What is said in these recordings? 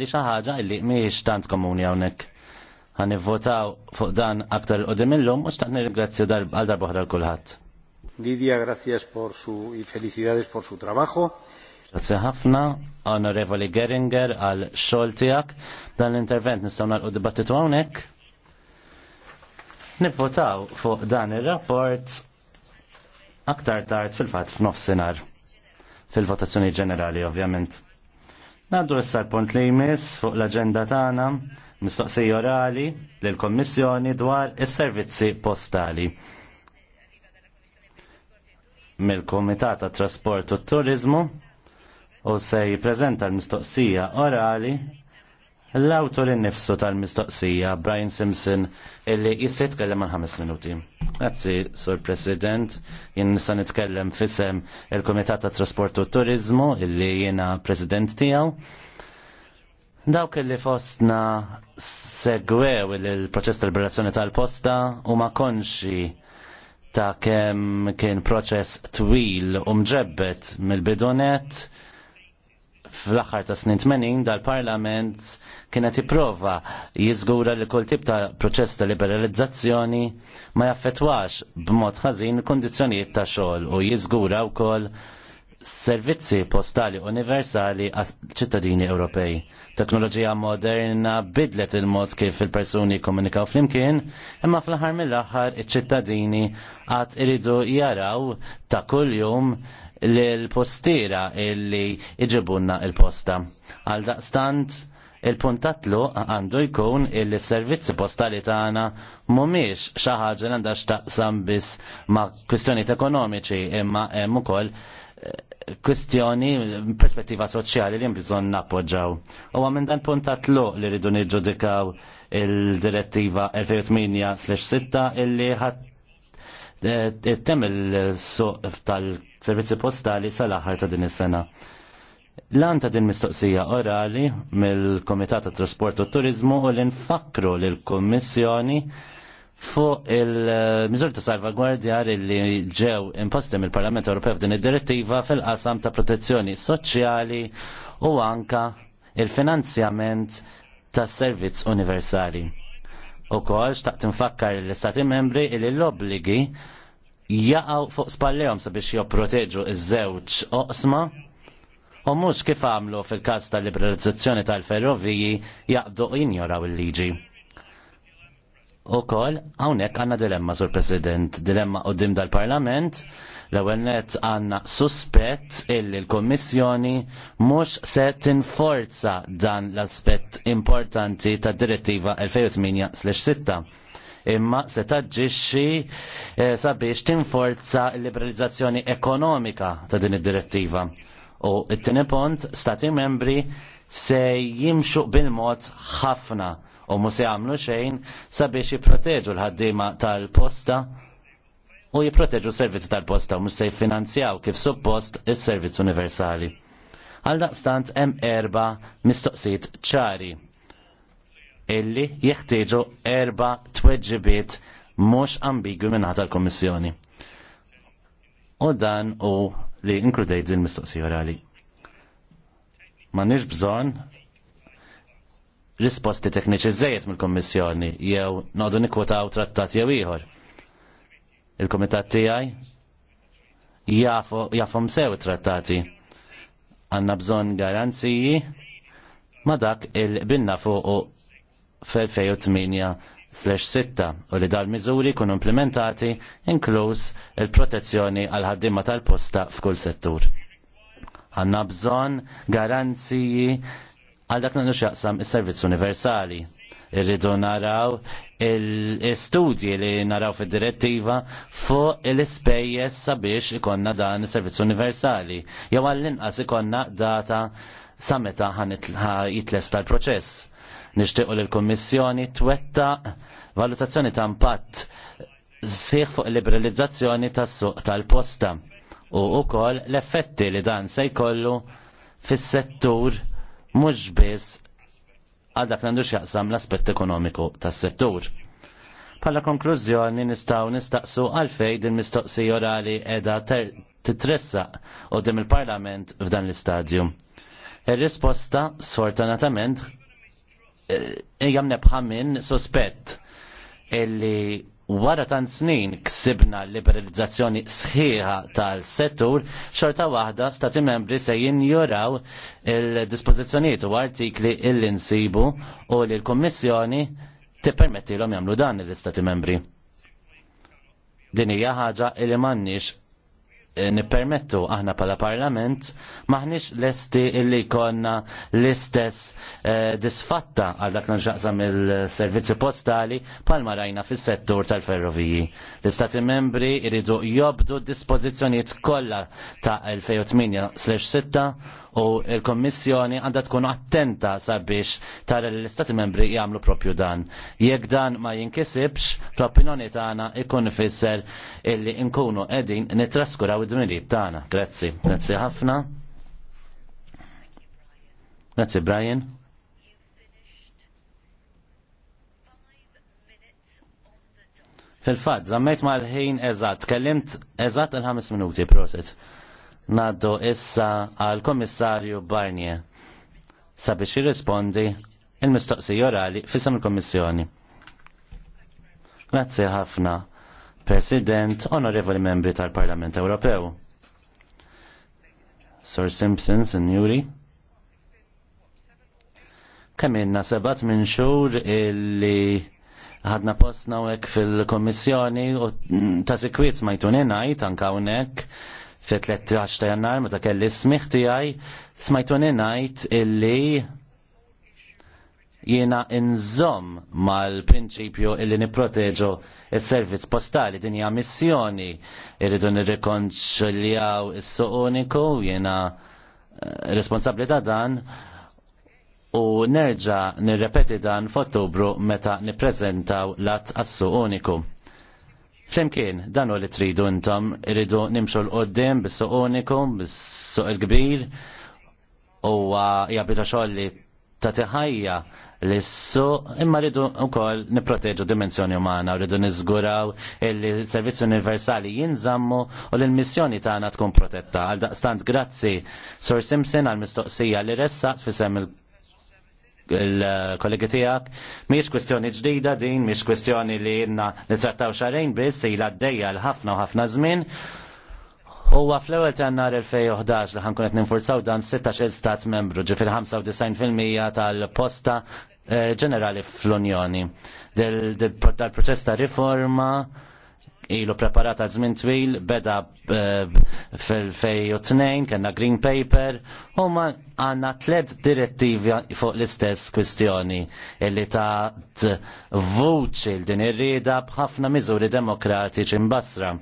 li xi ħaġa li mhijiex tant komuni hawnhekk. Ħanivvotaw fuq dan aktar qudiem illum u xtaqt nirringrazzja għal darba oħra kulħadd. Lidia, gracias por su y felicidades por su trabajo. Grazie ħafna, Onorevoli Geringer, għal xogħol tiegħek. Dan l-intervent nistgħu nagħlqu dibattitu hawnhekk. Nivvotaw fuq dan ir-rapport aktar tard fil-fatt f'nofsinhar fil-votazzjoni ġenerali ovvjament. Naddu issa punt li jmiss fuq l-agenda tagħna mistoqsija orali lill kommissjoni dwar is-servizzi postali. Mill-Kumitat tat Trasport u t Turizmu u se jippreżenta l-mistoqsija orali l-autor innifsu tal-mistoqsija Brian Simpson illi jissa jitkellem għal ħames minuti. Grazzi, Sur President, jien nisa nitkellem fisem il-Komitat ta' Trasport u Turizmu illi jiena President tiegħu. Dawk illi fostna segwew il-proċess tal-liberazzjoni tal-posta u ma konxi ta' kem kien proċess twil u mġebbet mill-bidonet fl-axar ta' snin 80 dal-parlament kienet jipprova jiżgura li kull tip ta' proċess ta' liberalizzazzjoni ma jaffetwax b'mod ħażin il-kundizzjonijiet ta' xogħol u jiżgura wkoll servizzi postali universali għas ċittadini Ewropej. Teknoloġija moderna bidlet il-mod kif il-persuni komunikaw flimkien, imma fl-ħar mill-aħħar iċ-ċittadini għad iridu jaraw ta' kuljum l-postira illi iġibunna il-posta. Għal daqstant, Il-puntatlu għandu jkun il-servizzi postali tagħna mhumiex xi ħaġa li għandha x'taqsam biss ma' kwistjonijiet ekonomiċi imma hemm ukoll eh, kwistjoni perspettiva soċjali li bżonn nappoġġaw. U minn dan puntat lo li rridu nirġudikaw il-direttiva 2008-6 illi ħat eh, tem il-suq tal-servizzi postali sal-aħħar ta' din is-sena. Lan ta' din mistoqsija orali mill-Komitat ta' Trasport u Turizmu u l-infakru l-Kommissjoni fuq il-mizur ta' salvagwardjar li ġew imposti mill-Parlament Ewropew din id-direttiva fil-qasam ta' protezzjoni soċjali u anka il-finanzjament ta' servizz universali. U kol xtaqt tinfakkar l-Istati membri li l-obligi jaqaw fuq spallejhom sabiex jopproteġu iż-żewġ oqsma u mhux kif għamlu fil-każ tal-liberalizzazzjoni tal-ferroviji jaqdu jinjoraw il-liġi. U kol, għawnek għanna dilemma, sur President, dilemma dim dal-Parlament, l ewwel net għanna suspett illi l-Kommissjoni mux se tinforza dan l-aspett importanti ta' direttiva 2008-6 imma se taġġixxi eh, sabiex tinforza l-liberalizzazzjoni ekonomika ta' din id-direttiva. U it-tieni punt, stati membri se jimxu bil-mod ħafna u mu se jagħmlu xejn sabiex jipproteġu l-ħaddiema tal-posta u jipproteġu s servizzi tal-posta u mhux se jiffinanzjaw kif suppost is-servizz universali. Għal daqstant hemm erba mistoqsit ċari illi jeħtieġu erba tweġibiet mhux ambigwi minn ħata l-Kummissjoni. U dan u li inkludejt din mistoqsija orali. Ma nirx bżonn risposti tekniċi żejjed mill-Kommissjoni jew noqdu nikwotaw trattat jew ieħor. Il-Kumitat tiegħi jafhom sew trattati. Għandna bżonn garanziji ma dak il-binna fuq f-2008 u li dal-miżuri kun implementati inkluż il-protezzjoni għal ħaddimma tal-posta f'kull settur. Għanna bżon garanziji għal dak nandu xaqsam il-servizz universali. Irridu naraw il-studji li naraw fil-direttiva fuq il-spejjes sabiex ikonna dan il-servizz universali. Jew għall-inqas ikonna data sa meta jitlesta l-proċess Nixtiequ li l-Kummissjoni twetta valutazzjoni ta' impatt sħiħ fuq liberalizzazzjoni tas-suq tal-posta u wkoll l-effetti li dan se jkollu fis-settur mhux biss għal dak għandu xjaqsam l-aspett ekonomiku tas-settur. Palla konklużjoni nistaw nistaqsu għalfej din mistoqsija orali edha titressa u dim il-parlament f'dan l-istadju. Ir-risposta, sfortunatament, ejjam eh, nebħa minn sospett illi wara tan snin ksibna liberalizzazzjoni sħiħa tal-settur, xorta waħda stati membri se jinjuraw il-dispozizjoniet u artikli il-insibu u li l-Kommissjoni tippermetti l-om jamlu dan l-istati membri. Din hija ħaġa li m'għandniex Eh, nippermettu aħna pala parlament maħnix lesti illi konna l-istess eh, disfatta għal dak nġaqsam il-servizzi postali pal rajna fis settur tal-ferroviji. L-istati membri iridu jobdu dispozizjoniet kollha ta' 2008-6 u il-Kommissjoni għandha tkun attenta sabiex tara li l-Istati membri jagħmlu propju dan. Jekk dan ma jinkisibx, fl-opinjoni tagħna ikun ifisser illi nkunu qegħdin nitraskuraw id-dmirijiet tagħna. Grazzi. Grazzi ħafna. Grazzi Brian. Fil-fat, zammejt mal ħin eżat, kellimt eżat il-ħames minuti proċess. Naddu issa għal komissarju Barnier sabiex jirrispondi il-mistoqsija orali fissam il-Kommissjoni. Grazzi ħafna, President, onorevoli membri tal-Parlament Ewropew. Sir Simpson, Signori. Kemm sebat minn xhur illi ħadna postna hekk fil komissjoni u ta' sekwiet ma jtuninajt anka hawnhekk fi 13 ta' jannar meta kelli smiħ tiegħi smajtuni ngħid illi jiena inżomm mal-prinċipju illi nipproteġu il-servizz postali din hija missjoni irridu nirrikonċiljaw is-suq uniku jiena eh, responsabbli ta' dan u nerġa' nirrepeti dan f'Ottubru meta nippreżentaw l-att għas-suq uniku. Flimkien, dan u li tridu intom, irridu nimxu l-qoddim bis-suq bis-suq il-kbir, u jabita xoll li ta' tiħajja s suq imma rridu u koll niproteġu dimensjoni umana, rridu nizguraw il-servizzi universali jinżammu u l-missjoni tagħna tkun protetta. Għal daqstant grazzi Sur Simpson għal mistoqsija li ressaqt fi sem il il-kollegi tijak, miex kwestjoni ġdida din, miex kwestjoni li jenna nitrattaw xarajn biss, ila d-dejja l-ħafna u ħafna zmin. Huwa fl-ewwel ta' nhar 2011 li ħankun qed ninfurzaw dan 16 stat membru ġifil 95% tal-posta eh, ġenerali fl-Unjoni. Dal-proċess ta' riforma ilu preparata żmien twil, beda eh, fil-2002, kena green paper, u ma għanna tlet direttivi fuq l-istess kwistjoni illi ta' vuċi l-din ir bħafna miżuri demokratiċi mbasra.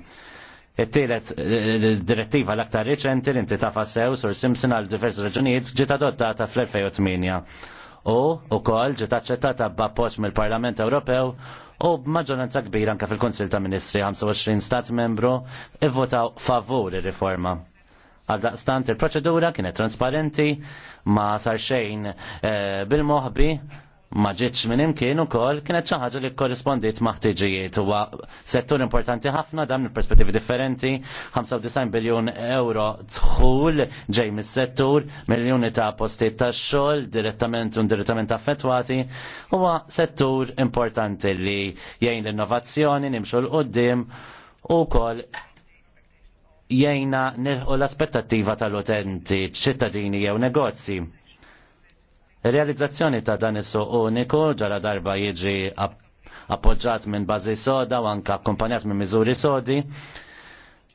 It-tielet eh, direttiva l-aktar reċenti l-inti tafa sew sur Simpson għal divers raġunijiet ġiet adottata fl-2008 u u kol ġiet aċċettata b'appoġġ mill-Parlament Ewropew u b'maġġoranza kbira anke fil-Kunsil ta' Ministri 25 stat membru ivvotaw favur ir-riforma għaldaqstant il-proċedura kienet trasparenti ma sar xejn eh, bil-moħbi ma ġietx minn imkien ukoll kienet xi ħaġa li korrispondiet ma' ħtiġijiet huwa settur importanti ħafna dan minn perspettivi differenti 95 biljun euro dħul ġej mis-settur, miljuni ta' postijiet ta' xogħol direttament u indirettament affettwati huwa settur importanti li jgħin l-innovazzjoni nimxu l-qoddim u wkoll jgħina nilħu l-aspettattiva tal-utenti, ċittadini jew negozji realizzazzjoni ta' dan is-suq uniku ġara darba jiġi appoġġat minn bażi soda u anke akkumpanjat minn miżuri sodi.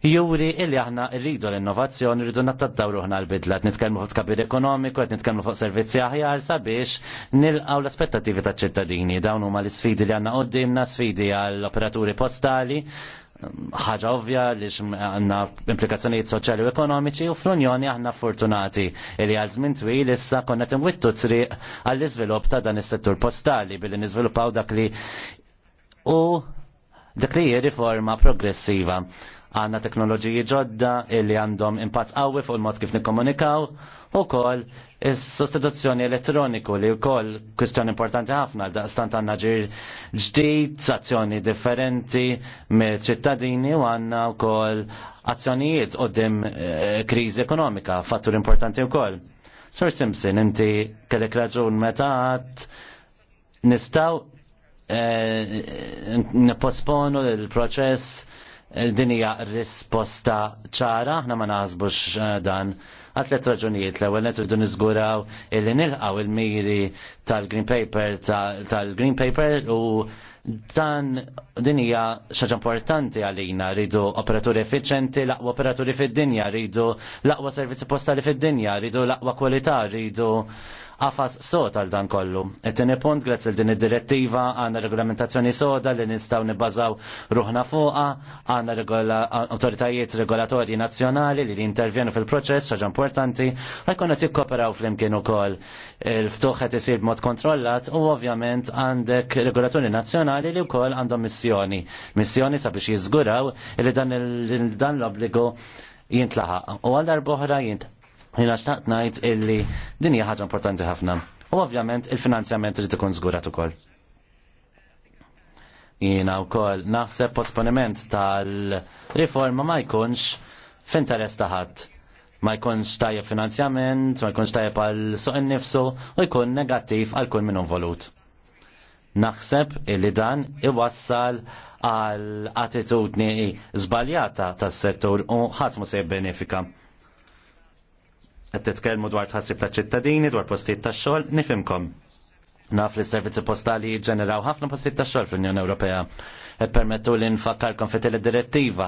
Juri illi aħna rridu l-innovazzjoni, rridu nattaddawru ħna l-bidla, nitkellmu fuq kabir ekonomiku, qed nitkellmu fuq servizzi aħjar sabiex nilqaw l-aspettativi taċ ċittadini. Dawn huma l-isfidi li għandna qudiemna, sfidi għall operaturi postali, ħaġa ovvja li għanna implikazzjonijiet soċjali u ekonomiċi u fl-Unjoni aħna fortunati li għal żmien twil issa konna timwittu triq għall iżvilupp ta' dan is-settur postali billi niżviluppaw dak li u dak li hi riforma progressiva għanna teknoloġiji ġodda illi għandhom impatt qawwi fuq il-mod kif nikkomunikaw u kol il-sostituzzjoni elettroniku li u kol kwestjoni importanti ħafna daqstant għanna ġir ġdijt, azzjoni differenti me ċittadini u għanna u kol azzjonijiet u dim eh, krizi ekonomika, fattur importanti u kol. Sir Simpson, inti kellek raġun meta għat nistaw eh, niposponu il-proċess eh, dinija risposta ċara, ħna ma naħsbux dan Għatlet raġunijiet l-ewwel qed nizguraw niżguraw illi nilqaw il-miri tal-Green Paper tal-Green Paper u dan din hija xaġa importanti għalina rridu operaturi effiċenti, l-aqwa operaturi fid-dinja, rridu l-aqwa servizzi postali fid-dinja, rridu l-aqwa kwalità, rridu għafas sot għal dan kollu. Et-tini punt, grazzi din id-direttiva għanna regolamentazzjoni soda li nistaw nibbażaw ruħna fuqa, għanna autoritajiet regolatorji nazjonali li, li intervjenu fil-proċess, ħaġa importanti, għajkun għet jikkoperaw fl-imkien ukoll il-ftuħet isir mod kontrollat u ovvjament għandek regolatori nazjonali li wkoll għandhom missjoni. Missjoni sabiex jiżguraw li dan l-obbligu jintlaħaq. U għal darboħra jintlaħa. Jina xtaqt najt illi din hija ħaġa importanti ħafna. U ovvjament il-finanzjament li ikun żgurat ukoll. Jiena wkoll naħseb posponiment tal-riforma ma jkunx f'interess ta' ħadd ma jkunx tajjeb finanzjament, ma jkunx tajjeb għal suq innifsu u jkun negattiv għal kull minn volut. Naħseb illi dan iwassal għal attitudni żbaljata tas-settur u ħadd mhux se jibbenefika qed titkellmu dwar tħassib ta' ċittadini, dwar postijiet tax xogħol, nifimkom. Naf li s-servizzi postali ġeneraw ħafna postijiet tax xogħol fl-Unjoni Ewropea. E permettu li nfakkarkom fit direttiva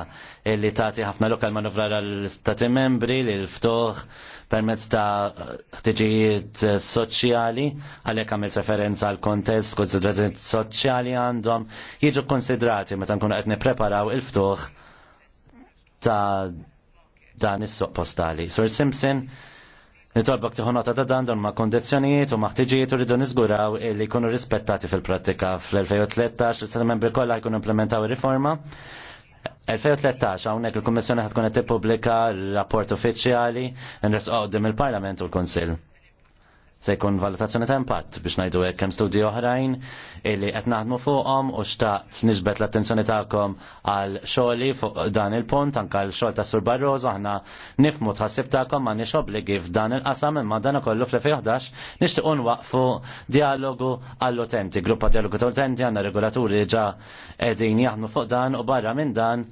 li tagħti ħafna lokal manovrar għall-Stati membri li l-ftuħ permezz ta' ħtiġijiet soċjali għalhekk għamilt referenza għal kontest konsidrazzjoni soċjali għandhom jiġu konsidrati meta nkunu qed nippreparaw il-ftuħ ta' dan is-soq postali. Sur Simpson, nitolbok tiħonota ta' dan don ma' kondizjonijiet u maħtiġijiet u rridu nizguraw li jkunu rispettati fil-prattika fl-2013 il membri kollha jkunu implementaw ir-riforma 2013 hawnhekk il-Kummissjoni ħadd qed tippubblika l-rapport uffiċjali nresqgħu qudiem il-Parlament u l-Kunsill se jkun valutazzjoni ta' impatt biex ngħidu hekk hemm studji oħrajn illi qed naħdmu fuqhom u xtaqt nisbet l-attenzjoni tagħkom għal xogħli fuq dan il-punt anke l xogħol ta' Sur Barroso aħna nifmu tħassib tagħkom ma nix obbligi f'dan il-qasam imma dan ukollu fl-2011 nixtiequ nwaqfu dialogu għall-utenti, gruppa dialogu ta' utenti għandna regolaturi ġa qegħdin jaħdmu fuq dan u barra minn dan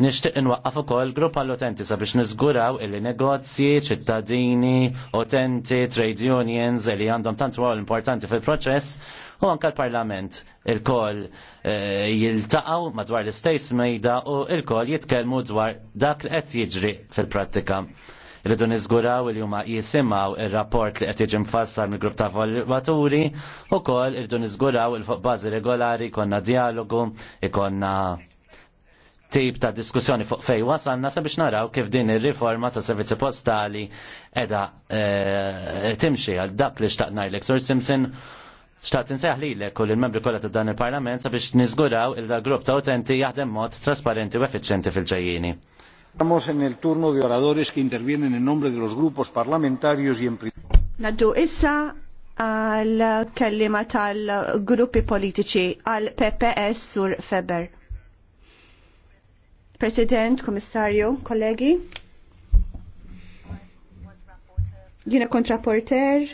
Nishtiq inwaqqaf ukoll grupp għall-utenti sabiex niżguraw illi negozji, ċittadini, utenti, trade unions li għandhom tant rol importanti fil-proċess u anke l-Parlament il-koll eh, jiltaqgħu madwar l-istejs mejda u il-koll jitkellmu dwar dak li qed jiġri fil-prattika. Irridu niżguraw li huma jisimgħu ir-rapport li qed jiġi mfassar mill-grupp ta' valvaturi u koll irridu niżguraw il fuq bażi regolari konna dialogu, ikonna tip ta' diskussjoni fuq fej wasanna sabiex naraw kif din ir-riforma ta' servizzi postali edha e, timxi għal dak li xtaq najlek. Sur Simpson, xtaqt nsejħ li l u l-membri kollha ta' dan il-parlament sabiex nizguraw il da grupp ta' utenti jaħdem mod trasparenti u effiċjenti fil-ġejjini. Estamos en el turno de oradores que intervienen en nombre de los grupos parlamentarios y en Naddu issa għal kellima tal-gruppi politiċi għal PPS sur Feber. President, Komissarju, kollegi. Jina kontraporter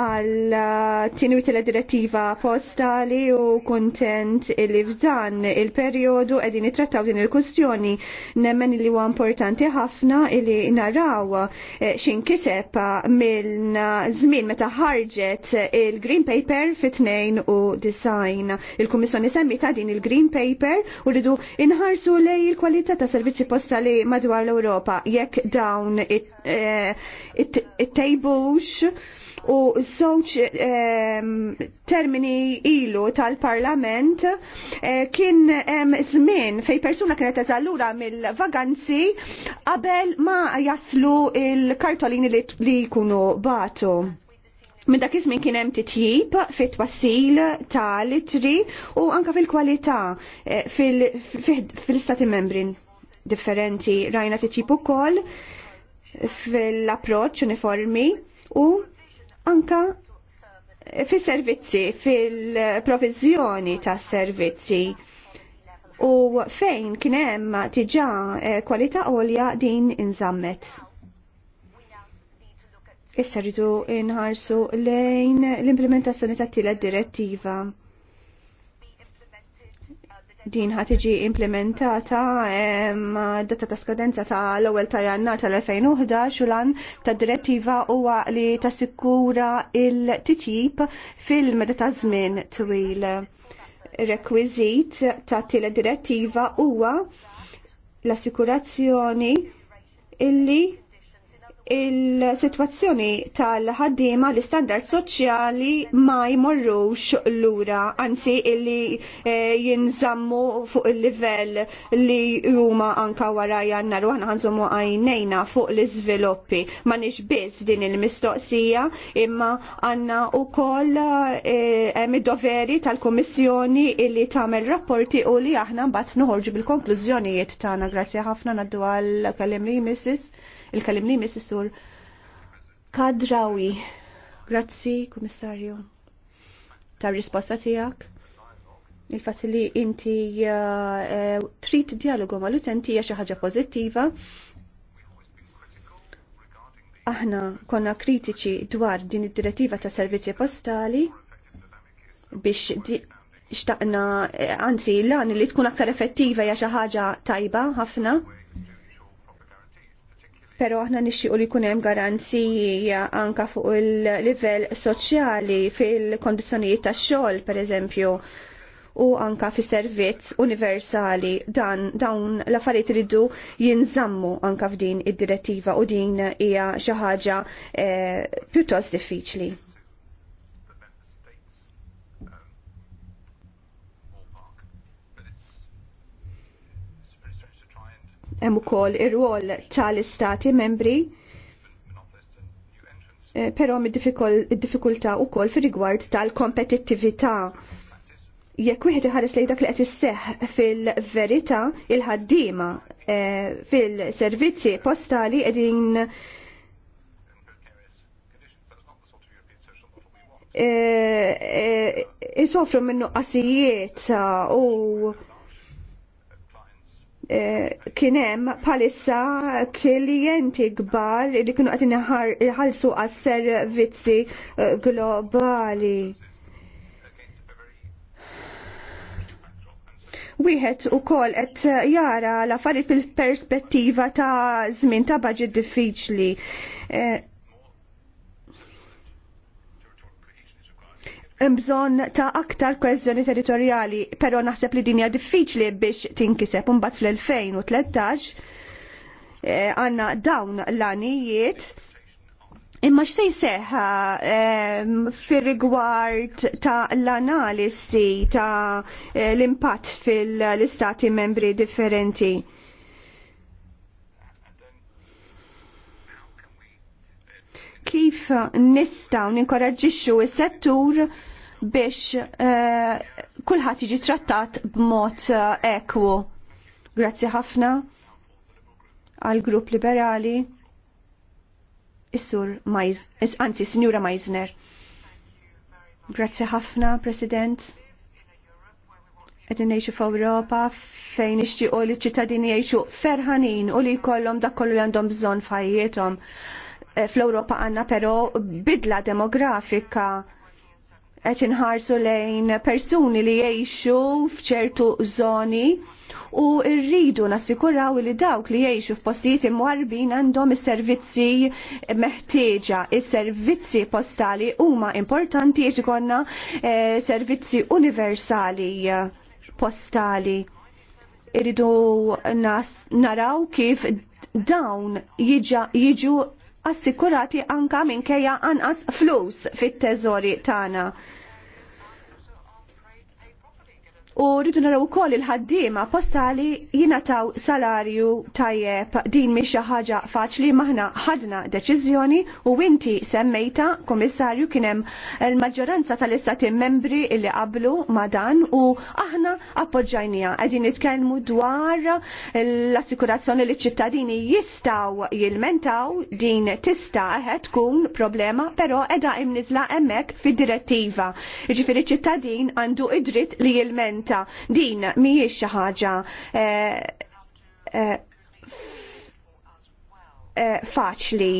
għal eh, tinwi tal-direttiva postali u kontent li f'dan il-periodu edin trattaw din il-kustjoni nemmen li huwa importanti ħafna li naraw eh, xinkiseb minn żmien meta ħarġet il-Green Paper fit-2 u design. Il-Kummissjoni semmita din il-Green Paper u ridu inħarsu lej il-kwalità ta' servizzi postali madwar l-Ewropa jekk dawn it-tejbux eh, it, it, it, it u żewġ eh, termini ilu tal-Parlament eh, kien hemm żmien fej persuna kienet eżallura mill-vaganzi qabel ma jaslu il-kartolini li jkunu batu. Minn dak iż-żmien kien hemm titjib fit-twassil ta' litri u anka fil-kwalità eh, fil-istati membri differenti rajna titjib ukoll fil-approċċ uniformi u anka fi servizzi, fil-provizjoni ta' servizzi. U fejn kienem tiġa eh, kwalità olja din inżammet. Issa rridu inħarsu lejn l-implementazzjoni ta' tila direttiva din ħat tiġi implementata data ta' skadenza ta' l-ewwel ta' jannar tal-2011 u lan ta' direttiva huwa li tassikura il-titjib fil-meta ta' żmien twil. Rekwiżit ta' tile direttiva huwa l-assikurazzjoni illi il-situazzjoni tal-ħaddiema l-istandard soċjali ma jmorrux lura, anzi illi eh, jinżammu fuq il-livell li huma anka wara jannar u aħna ħanżomu għajnejna fuq l-iżviluppi. Ma nix biss din il-mistoqsija imma għanna u koll eh, mid-doveri tal-Komissjoni illi tagħmel rapporti u li aħna mbagħad noħorġu bil-konklużjonijiet tagħna. Grazzi ħafna naddu għal kallim Mrs il-kalimni mis-sur Kadrawi. Grazzi, Kummissarju, ta' risposta tijak. Il-fat li inti uh, trid dialogu mal-utenti jaxa xi ħaġa pożittiva. Aħna konna kritiċi dwar din id-direttiva ta' servizzi postali biex xtaqna, e, anzi, l-għan li tkun aktar effettiva hija xi ħaġa tajba ħafna Pero aħna nixxiqu li jkun hemm garanzija anka fuq il-livell soċjali fil-kondizzjonijiet tax-xogħol pereżempju u anka fi servizz universali dan dawn l-affarijiet iridu jinżammu anka f'din id-direttiva u din hija xi ħaġa e, pjuttost diffiċli. hemm ukoll ir-rwol tal-istati membri eh, però mid-diffikultà wkoll fir-rigward tal-kompetittività jekk wieħed iħares lejn dak li qed isseħħ fil-verità il-ħaddiema eh, fil-servizzi postali qegħdin eh, isofru minn nuqqasijiet u Eh, kienem palissa klienti gbar li kienu għatin ħalsu għas-servizzi eh, globali. Wieħed u kol et jara la affarijiet fil-perspettiva ta' zmin ta' budget diffiċli. Eh, bżon ta' aktar kwestjoni territorjali, pero naħseb li dinja diffiċli biex tinkiseb mbagħad fl-2013 eh, għanna dawn l-anijiet Imma x'sej seħħa eh, fir-rigward ta' l-analisi ta' eh, l-impatt fil-istati membri differenti? kif nistaw ninkoraġġixxu s-settur biex uh, kulħadd jiġi trattat b'mod uh, ekwu. Grazzi ħafna għal grupp liberali is-sur anzi Sinjura Majzner. Grazzi ħafna, President. Qegħdin ngħixu f'Ewropa fejn ixtiequ li ċittadini jgħixu ferħanin u li jkollhom dak kollu li għandhom bżonn f'ħajjithom fl-Europa għanna pero bidla demografika qed inħarsu lejn persuni li jgħixu f'ċertu zoni u rridu nassikuraw li dawk li jgħixu f'postijiet imwarbin għandhom is-servizzi meħtieġa. Is-servizzi postali huma importanti qed ikollna eh, servizzi universali eh, postali. Irridu naraw kif dawn jiġu assikurati anka minkejja anqas flus fit-teżori tagħna u rridu naraw ukoll il-ħaddiema postali jingħataw salarju tajjeb din mhix xi ħaġa faċli maħna ħadna deċiżjoni u inti semmejta komissarju kien hemm il-maġġoranza tal-istati membri li qablu ma' dan u aħna appoġġajnija qegħdin nitkellmu dwar l-assikurazzjoni li ċ-ċittadini jistgħu jilmentaw din tista' eħed tkun problema però qiegħda imniżla hemmhekk fid-direttiva. Jiġifieri ċittadin għandu id-dritt li jilment tirrappreżenta din mijiex xi ħaġa eh, eh, eh, faċli.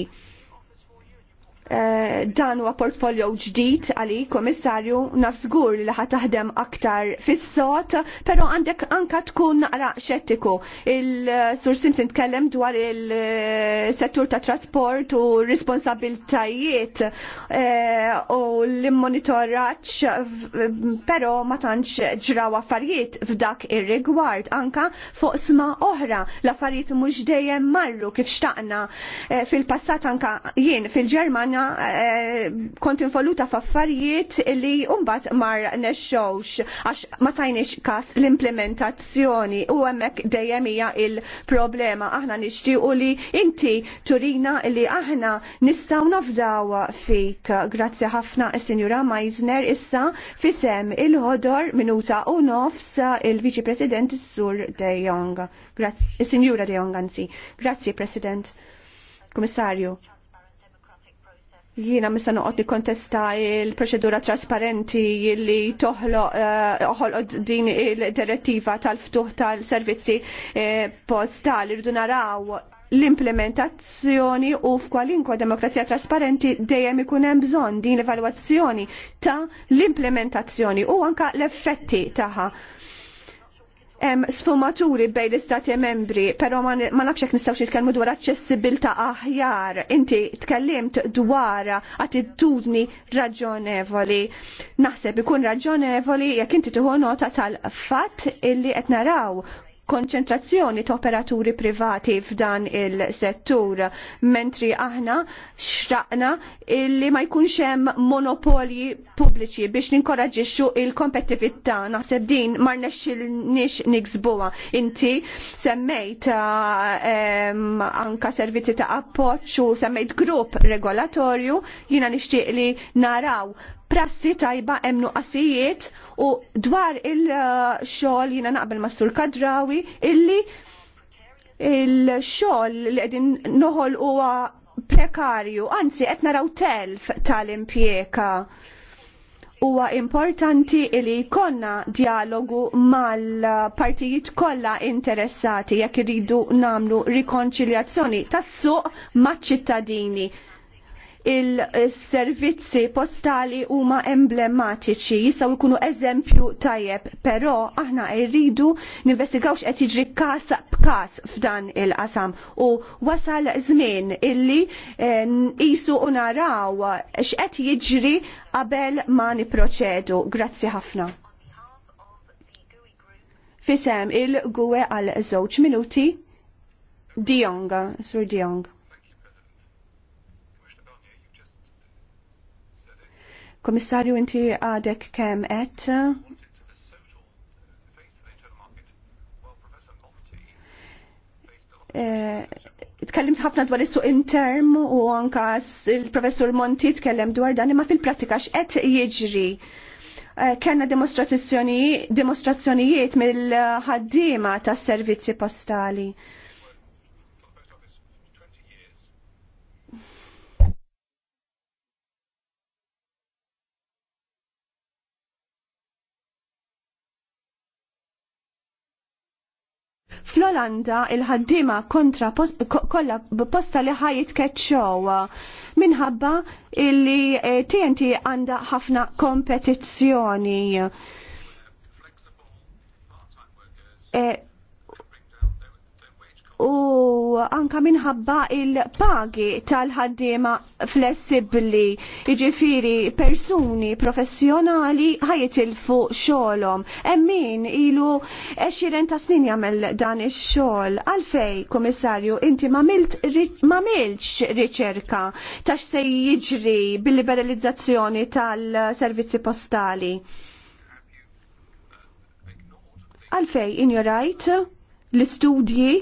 Eh, dan huwa portfolio ġdid għali komissarju nafżgur żgur li ħa taħdem aktar fis-sot, però għandek anka tkun naqra xettiku. Il-Sur Simpson tkellem dwar il-settur ta' trasport u responsabiltajiet eh, u l-monitoraġġ, però ma tantx ġraw affarijiet f'dak ir-rigward anka fuq sma oħra l-affarijiet mhux dejjem marru kif xtaqna eh, fil-passat anka jien fil-Ġermanja jiena eh, kont involuta f'affarijiet li mbagħad mar nexxewx għax ma tajniex każ l-implementazzjoni u hemmhekk dejjem hija il-problema. Aħna nixtiequ li inti turina li aħna nistgħu nafdaw fik. Grazzi ħafna is-Sinjura Meisner issa fisem il-ħodor minuta u nofs il-Viċi President Sur De Jong. Grazzi, il-Sinjura De Jong anzi. Grazzi President. Komissarju, Jiena misa noqgħod nikkontesta il-proċedura trasparenti li toħloq eh, din il-direttiva tal-ftuħ tal-servizzi eh, postali rridu naraw l-implementazzjoni u f'kwalinkwa demokrazija trasparenti dejjem ikun hemm bżonn din l-evalwazzjoni ta' l-implementazzjoni u anka l-effetti tagħha sfumaturi bej l-istati membri, pero ma nafx jekk nistgħu tkellmu dwar aċċessibilità aħjar. Inti tkellimt dwar attitudni raġonevoli. Naħseb ikun raġonevoli jekk inti tieħu nota tal-fatt illi qed naraw konċentrazzjoni ta' operaturi privati f'dan il-settur, mentri aħna xraqna illi ma jkunx hemm monopoli pubbliċi biex ninkoraġixxu il-kompetittività naħseb din ma rnexxilniex niksbuha. Inti semmejt eh, anka servizzi ta' appoġġ u semmejt grupp regolatorju, jiena nixtieq li naraw prassi tajba hemm nuqqasijiet U dwar il-xogħol jiena naqbel ma' Sur Kadrawi illi il-xogħol li qegħdin noħol huwa prekarju, anzi qed naraw telf tal-impjeka. Huwa importanti li jkollna dialogu mal-partijiet kollha interessati jekk iridu nagħmlu rikonċiljazzjoni tas-suq maċ-ċittadini il-servizzi postali huma emblematiċi jisaw ikunu eżempju tajjeb, però aħna rridu ninvestigawx qed jiġri każ b'każ f'dan il-qasam u wasal żmien illi eh, qisu u naraw x'qed jiġri qabel ma niproċedu. Grazzi ħafna. Fisem il-gwe għal żewġ minuti. Dionga, Sur Diong. Komissarju, inti għadek kem et eh, Tkellimt ħafna dwar is-suq interm u anka il-professur Monti tkellem dwar dan imma fil-prattika x'qed jiġri. Eh, kenna dimostrazzjonijiet mill-ħaddiema tas-servizzi postali. Fl-Olanda il-ħaddima kontra kollha posta li ħajt keċċow uh, minħabba illi eh, TNT għandha ħafna kompetizzjoni. Eh, u anka minħabba il-pagi tal-ħaddiema flessibli, iġifiri persuni professjonali ħajitilfu xolom. Emmin ilu 20 ta' snin jamel dan ix-xol. Għalfej, komissarju, inti ma milx riċerka ta' se jiġri bil-liberalizzazzjoni tal-servizzi postali. Għalfej, right, l-istudji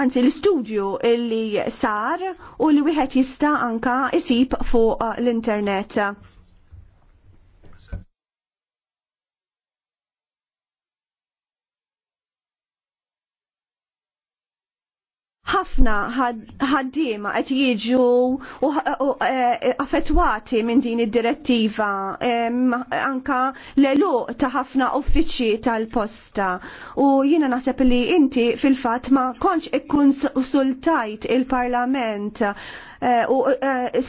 anzi l istudju illi sar u li wieħed jista' anka isib fuq l-internet. ħafna ħaddiema qed jiġu e, e, affettwati minn din id-direttiva anka l-eluq ta' ħafna uffiċċji tal-posta. U jiena naħseb li inti fil-fatt ma kontx sultajt il-Parlament e, u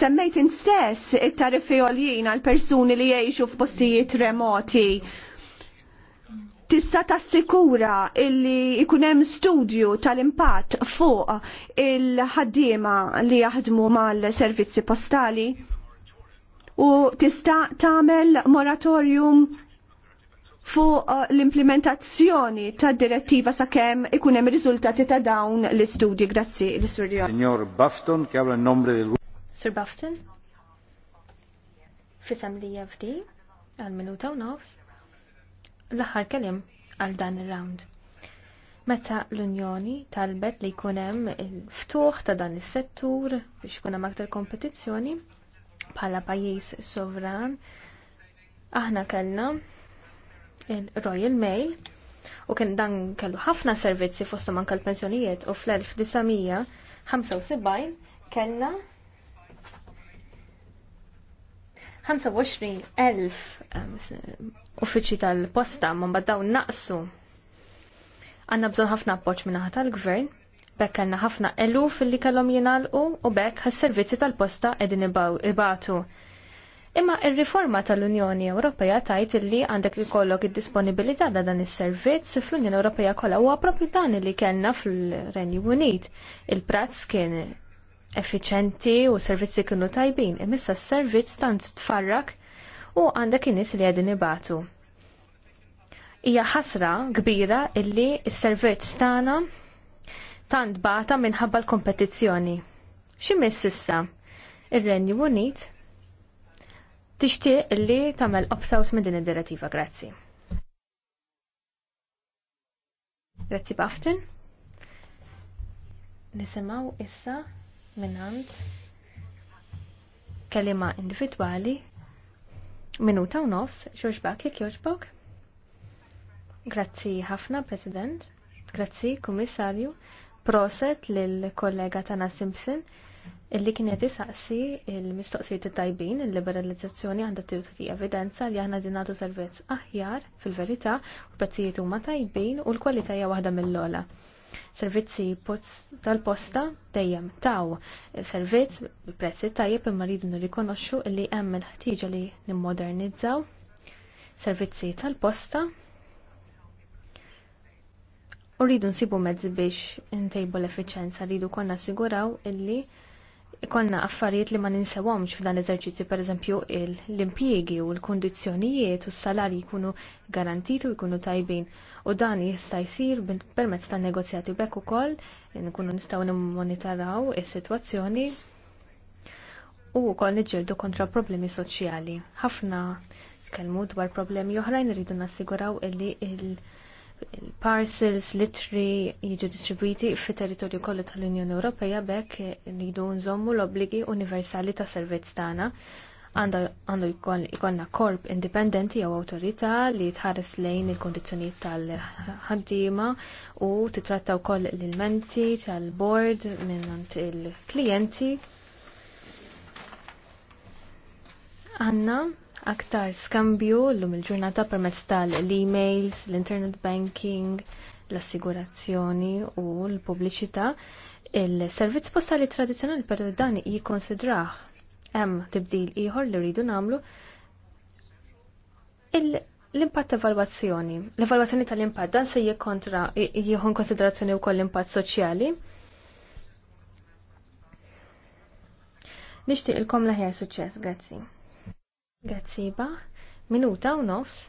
semmejt instess it-tariffi għoljien għal persuni li jgħixu f'postijiet remoti tista' tassikura illi jkun hemm studju tal-impatt fuq il-ħaddiema li jaħdmu mal-servizzi postali u tista' tagħmel moratorium fuq l-implementazzjoni tad direttiva sakemm ikun hemm riżultati ta' dawn l-istudji. Grazzi l-istudju. Signor Bafton, kjawla nombre del Sir Bafton? Fisam li jafdi, għal minuta u nofs l-aħħar kelim għal dan ir-round. Meta l-Unjoni talbet li jkun hemm il-ftuħ ta' dan is-settur biex ikun hemm aktar kompetizzjoni bħala pajjiż sovran, aħna kellna il-Royal Mail u kien dan kellu ħafna servizzi fostom anke l-pensjonijiet u fl-1975 kellna 25,000 uffiċi tal-posta ma mbagħad dawn naqsu. Għandna bżonn ħafna appoġġ naħa tal-gvern, bekk għandna ħafna eluf li kellhom jingħalqu u bekk għas-servizzi tal-posta qegħdin ibatu. Imma ir-riforma tal-Unjoni Ewropea tajt illi għandek ikollok id-disponibilità da dan is-servizz fl-Unjoni Ewropea kollha huwa proprju dan li kellna fil-Renju Unit. Il-prazz kien effiċenti u servizzi kienu tajbin, imissa s-servizz tant tfarrak u għandek in-nies li qegħdin ibatu. Hija ħasra kbira illi s-servizz tagħna tant bata minħabba l-kompetizzjoni. X'imiss s'issa Ir-Renju Unit tixtieq illi tagħmel opt-out minn din id-direttiva, grazzi. Grazzi Baftin. Nisimgħu issa minn għand kelima individwali Minuta u nofs, xorx bakik, joġbok. Grazzi ħafna, President. Grazzi, Komissarju. Proset lill-kollega tana Simpson illi kienet saqsi il-mistoqsijiet tajbin il-liberalizzazzjoni għandha t evidenza li aħna din nagħtu servizz aħjar fil-verità u prezzijiet huma tajbin u l-kwalità hija waħda mill-ola servizzi tal-posta dejjem taw servizz prezzi tajjeb imma rridu nirrikonoxxu li hemm il-ħtieġa li nimmodernizzaw servizzi tal-posta u rridu nsibu mezzi biex ntejbu l-effiċenza rridu konna assiguraw illi ikonna affarijiet li ma ninsewomx f'dan l-eżerċizzju pereżempju l-impjiegi u l kundizzjonijiet u s-salarji jkunu garantiti u jkunu tajbin. U dan jista' jsir permezz ta' negozjati bekk ukoll nkunu nistgħu nimmonitaraw is-sitwazzjoni u wkoll niġġieldu kontra problemi soċjali. Ħafna tkellmu dwar problemi oħrajn irridu nassiguraw illi il parcels litri jiġu distribwiti fit territorju kollu tal-Unjoni Ewropea bekk rridu nżommu l obbligi universali ta' servizz tagħna għandu jkollna korp indipendenti jew awtorità li tħares lejn il kundizzjonijiet tal-ħaddiema u titratta wkoll l-ilmenti tal-board minnant il-klijenti. Għanna aktar skambju llum il-ġurnata permezz tal-emails, l-internet banking, l-assigurazzjoni u l-pubbliċità. Il-servizz postali tradizzjonali per dan jikkonsidrah hemm tibdil ieħor li rridu nagħmlu l-impatt evalwazzjoni. L-evalwazzjoni tal-impatt dan se jikkontra jieħu konsiderazzjoni wkoll l-impatt soċjali. Nixtieq ilkom l-ħajja suċċess, grazzi. Grazieba. Iva. minuta u nofs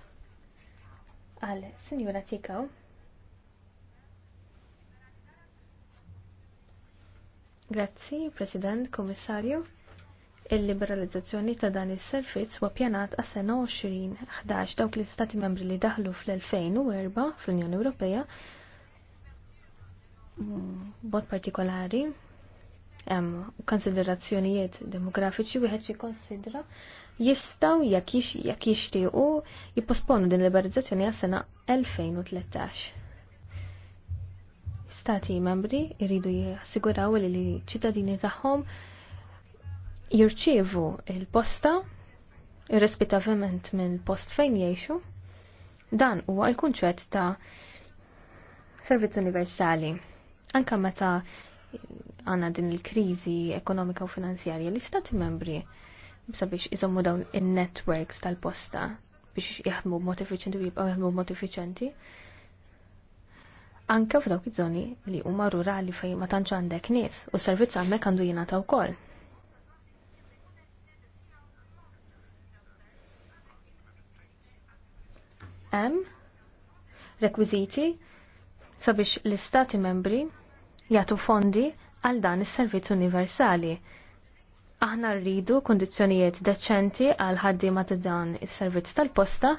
għal Sinjura Tikaw. Grazzi, President, Komissarju. Il-liberalizzazzjoni ta' dan is-servizz huwa pjanat għas sena 2011 dawk l-istati membri li daħlu fl-2004 fl-Unjoni Ewropea mm, Bot partikolari hemm konsiderazzjonijiet demografiċi wieħed jikkonsidra jistgħu jak jixtiequ jipposponu din liberalizzazzjoni għas-sena 2013. Stati membri jridu jassiguraw li l-ċittadini tagħhom jirċievu il-posta irrespettivament mill post fejn jgħixu. Dan huwa l-kunċett ta' servizz universali. Anke meta għanna din il-krizi ekonomika u finanzjarja l-istati membri sabiex iżommu dawn il-networks tal-posta biex jaħdmu b'mod u jibqgħu jaħdmu b'mod Anke f'dawk iż-żoni li huma rurali fejn ma tantx għandek nies u s-servizz hemmhekk għandu jingħata wkoll. Hemm rekwiżiti sabiex l-istati membri jagħtu fondi għal dan is-servizz universali. Aħna rridu kundizzjonijiet deċenti għal ħaddiema ta' dan is-servizz tal-posta,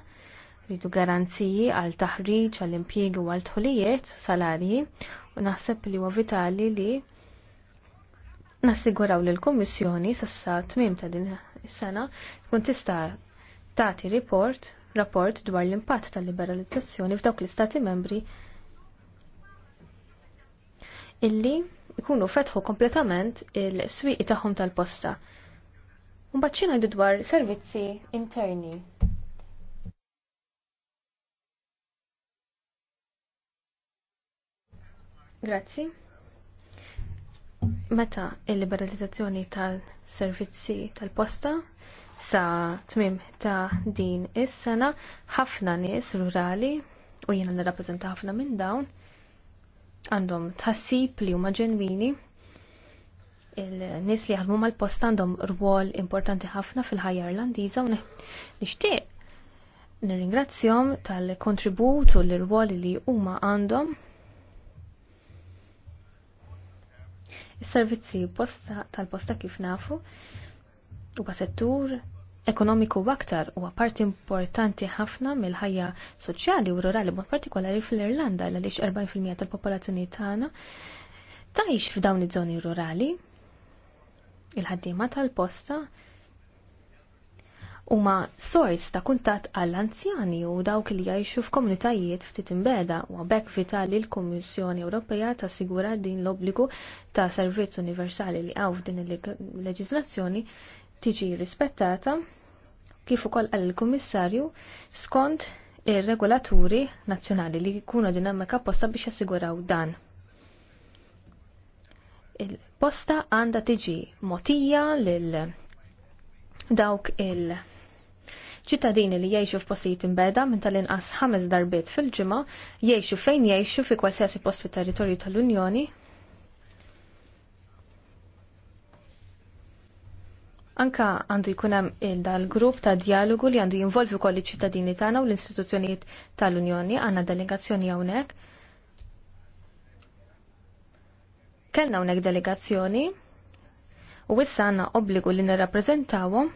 rridu garanziji għal taħriġ, għal impjiegi u għal tħulijiet, salarji, u naħseb li huwa vitali li nassiguraw li l-Kummissjoni sassa tmiem ta' din is-sena tkun tista' tagħti report rapport dwar l-impatt tal-liberalizzazzjoni f'dawk l-istati membri illi ikunu fetħu kompletament il-swiqi tagħhom tal-posta. Mbagħad xi ngħidu dwar servizzi interni. Grazzi. Meta il-liberalizzazzjoni tal-servizzi tal-posta sa tmim ta' din is-sena ħafna nies rurali u jiena nirrappreżenta ħafna minn dawn għandhom tħassib li huma ġenwini il-nis li jaħdmu mal-post għandhom rwol importanti ħafna fil-ħajja Irlandiża u nixtieq nirringrazzjom tal-kontribut u l-rwol li huma għandhom is-servizzi tal-posta kif nafu u settur ekonomiku aktar huwa parti importanti ħafna mill-ħajja soċjali u rurali b'mod partikolari fl-Irlanda għaliex 40% tal-popolazzjoni tagħna tgħix f'dawn iż-żoni rurali. Il-ħaddiema tal-posta huma sors ta' kuntatt għall-anzjani u dawk li jgħixu f'komunitajiet ftit imbeda u għabek vitali l-Kummissjoni Ewropea ta' sigura din l-obbligu ta' servizz universali li għaw din il-leġislazzjoni tiġi rispettata kif ukoll għal il-Kummissarju skont ir-regolaturi nazzjonali li jkunu dinamika posta biex jassiguraw dan. Il-posta għandha tiġi motija lil dawk il- ċittadini li jgħixu f'postijiet imbeda minn tal-inqas ħames darbiet fil-ġimgħa jgħixu fejn jgħixu fi kwasjasi post fit-territorju tal-Unjoni Anka għandu jkun hemm il-dal-grupp ta' dialogu li għandu jinvolvi wkoll iċ-ċittadini tagħna u l-istituzzjonijiet tal-Unjoni għandna delegazzjoni hawnhekk. Kellna hawnhekk delegazzjoni u issa għandna obbligu li nirrappreżentawhom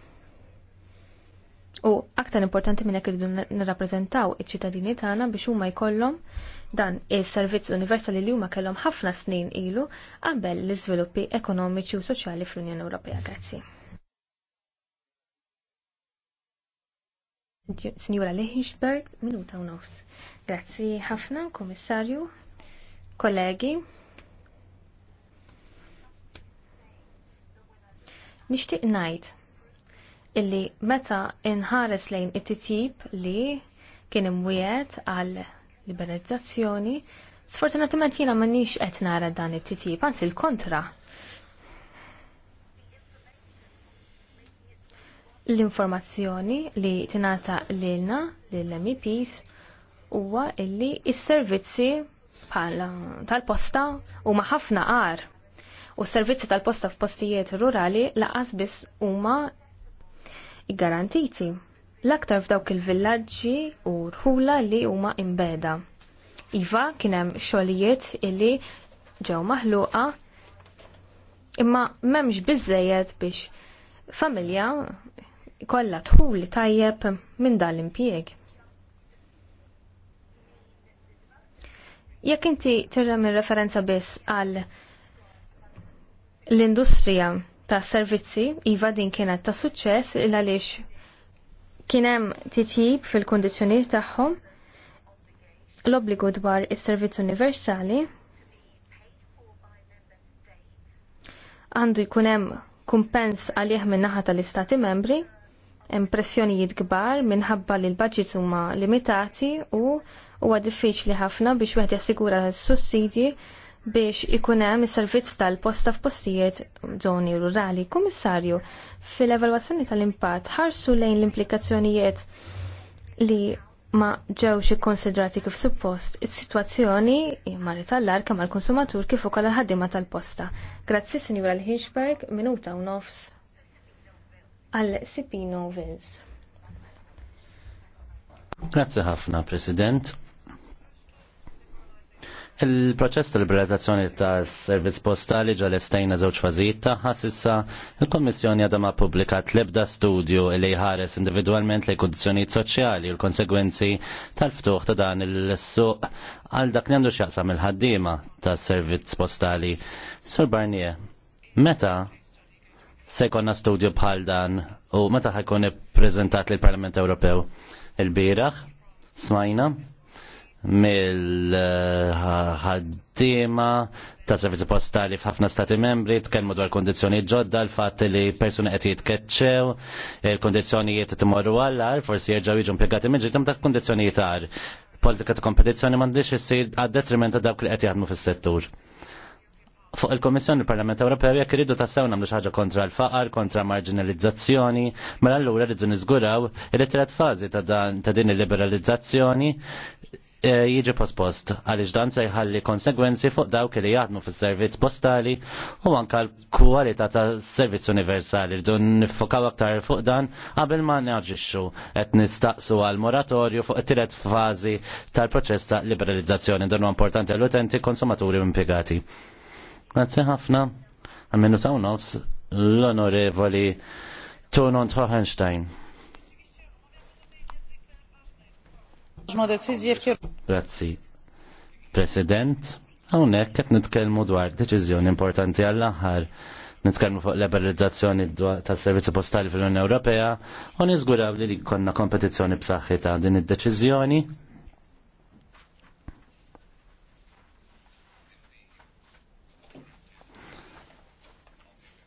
u aktar importanti minn hekk irridu nirrappreżentaw iċ-ċittadini tagħna biex huma jkollhom dan is-servizz universali li huma kellhom ħafna snin ilu qabel l-iżviluppi ekonomiċi u soċjali fl-Unjoni Ewropea. Grazzi. Signora Lehinsberg, minuta u nofs. Grazzi ħafna, komissarju, kollegi. Nishtiq najt illi meta inħares lejn it-titjib li kien imwiet għal liberalizzazzjoni, sfortunatament jiena m'għandix qed nara dan it-titjib, anzi l-kontra L-informazzjoni li tingħata lilna lill-MEPs huwa illi s-servizzi tal-posta huma ħafna għar. u s-servizzi tal-posta f'postijiet rurali laqas biss huma garantiti l-aktar f'dawk il-villaġġi u rħula li huma imbeda. Iva kien hemm xogħlijiet illi ġew maħluqa imma m'hemmx biżejjed biex familja kollha tħul tajjeb minn dan l-impjieg. Jekk inti tirrem ir-referenza biss għal l-industrija ta' servizzi, iva din kienet ta' suċċess il għaliex kien hemm titjib fil kundizzjonijiet tagħhom l-obbligu dwar is-servizz universali għandu jkun hemm kumpens għalih min-naħa tal-Istati membri impressjonijiet kbar minħabba li l-budgets huma limitati u huwa diffiċli ħafna biex wieħed jassigura s-sussidji biex ikun hemm is-servizz tal-posta f'postijiet żoni rurali. Kummissarju, fil-evalwazzjoni tal-impatt ħarsu lejn l-implikazzjonijiet li ma ġewx ikkonsidrati kif suppost is-sitwazzjoni marret tal-arka mal-konsumatur kif ukoll ħaddiema tal-posta. Grazzi, Sinjura l minuta u nofs għal Sipino Vils. Grazie ħafna, President. Il-proċess tal-liberalizzazzjoni tas servizz postali ġal estejna żewġ fażijiet tagħha s'issa il-Kommissjoni għadha ma pubblikat l-ebda studju li jħares individwalment lejn kundizzjonijiet soċjali u l-konsegwenzi tal-ftuħ ta' dan il-suq għal dak li għandu x'jaqsam il-ħaddiema tas servizz postali. Sur Barnier, meta se jkollna studju bħal dan u meta ħajkun ippreżentat lill parlament Ewropew il-bieraħ smajna mill-ħaddiema ta' servizzi postali f'ħafna stati membri tkellmu dwar kondizzjoni ġodda l-fatt li persuni qed jitkeċċew, il kundizzjonijiet timorru għar forsi jerġgħu jiġu impjegati minn ġitem ta' kundizzjonijiet għar. Politika ta' kompetizzjoni m'għandix issir għad-detriment ta' dawk li qed jaħdmu fis-settur fuq il-Komissjoni parlament Ewropew jekk iridu tassew nagħmlu xi ħaġa kontra l-faqar, kontra marginalizzazzjoni, mela allura rridu niżguraw il-tret fażi ta' din il-liberalizzazzjoni e, jiġi pospost għaliex dan se jħalli konsegwenzi fuq dawk li jaħdmu fis-servizz postali u anke l-kwalità ta' servizz universali rridu nifokaw aktar fuq dan qabel ma naġixxu qed nistaqsu għal moratorju fuq it-tielet fażi tal-proċess ta' liberalizzazzjoni dan huwa importanti għall-utenti konsumaturi u impjegati. Grazzi ħafna għal-menu ta' nofs l-onorevoli Tonon Trohenstein. Grazzi. President, Hawnhekk qed nitkellmu dwar deċiżjoni importanti għall-aħħar. Nitkellmu fuq liberalizzazzjoni tas servizzi postali fil-Unjoni Ewropea u niżguraw li konna kompetizzjoni ta' din id-deċiżjoni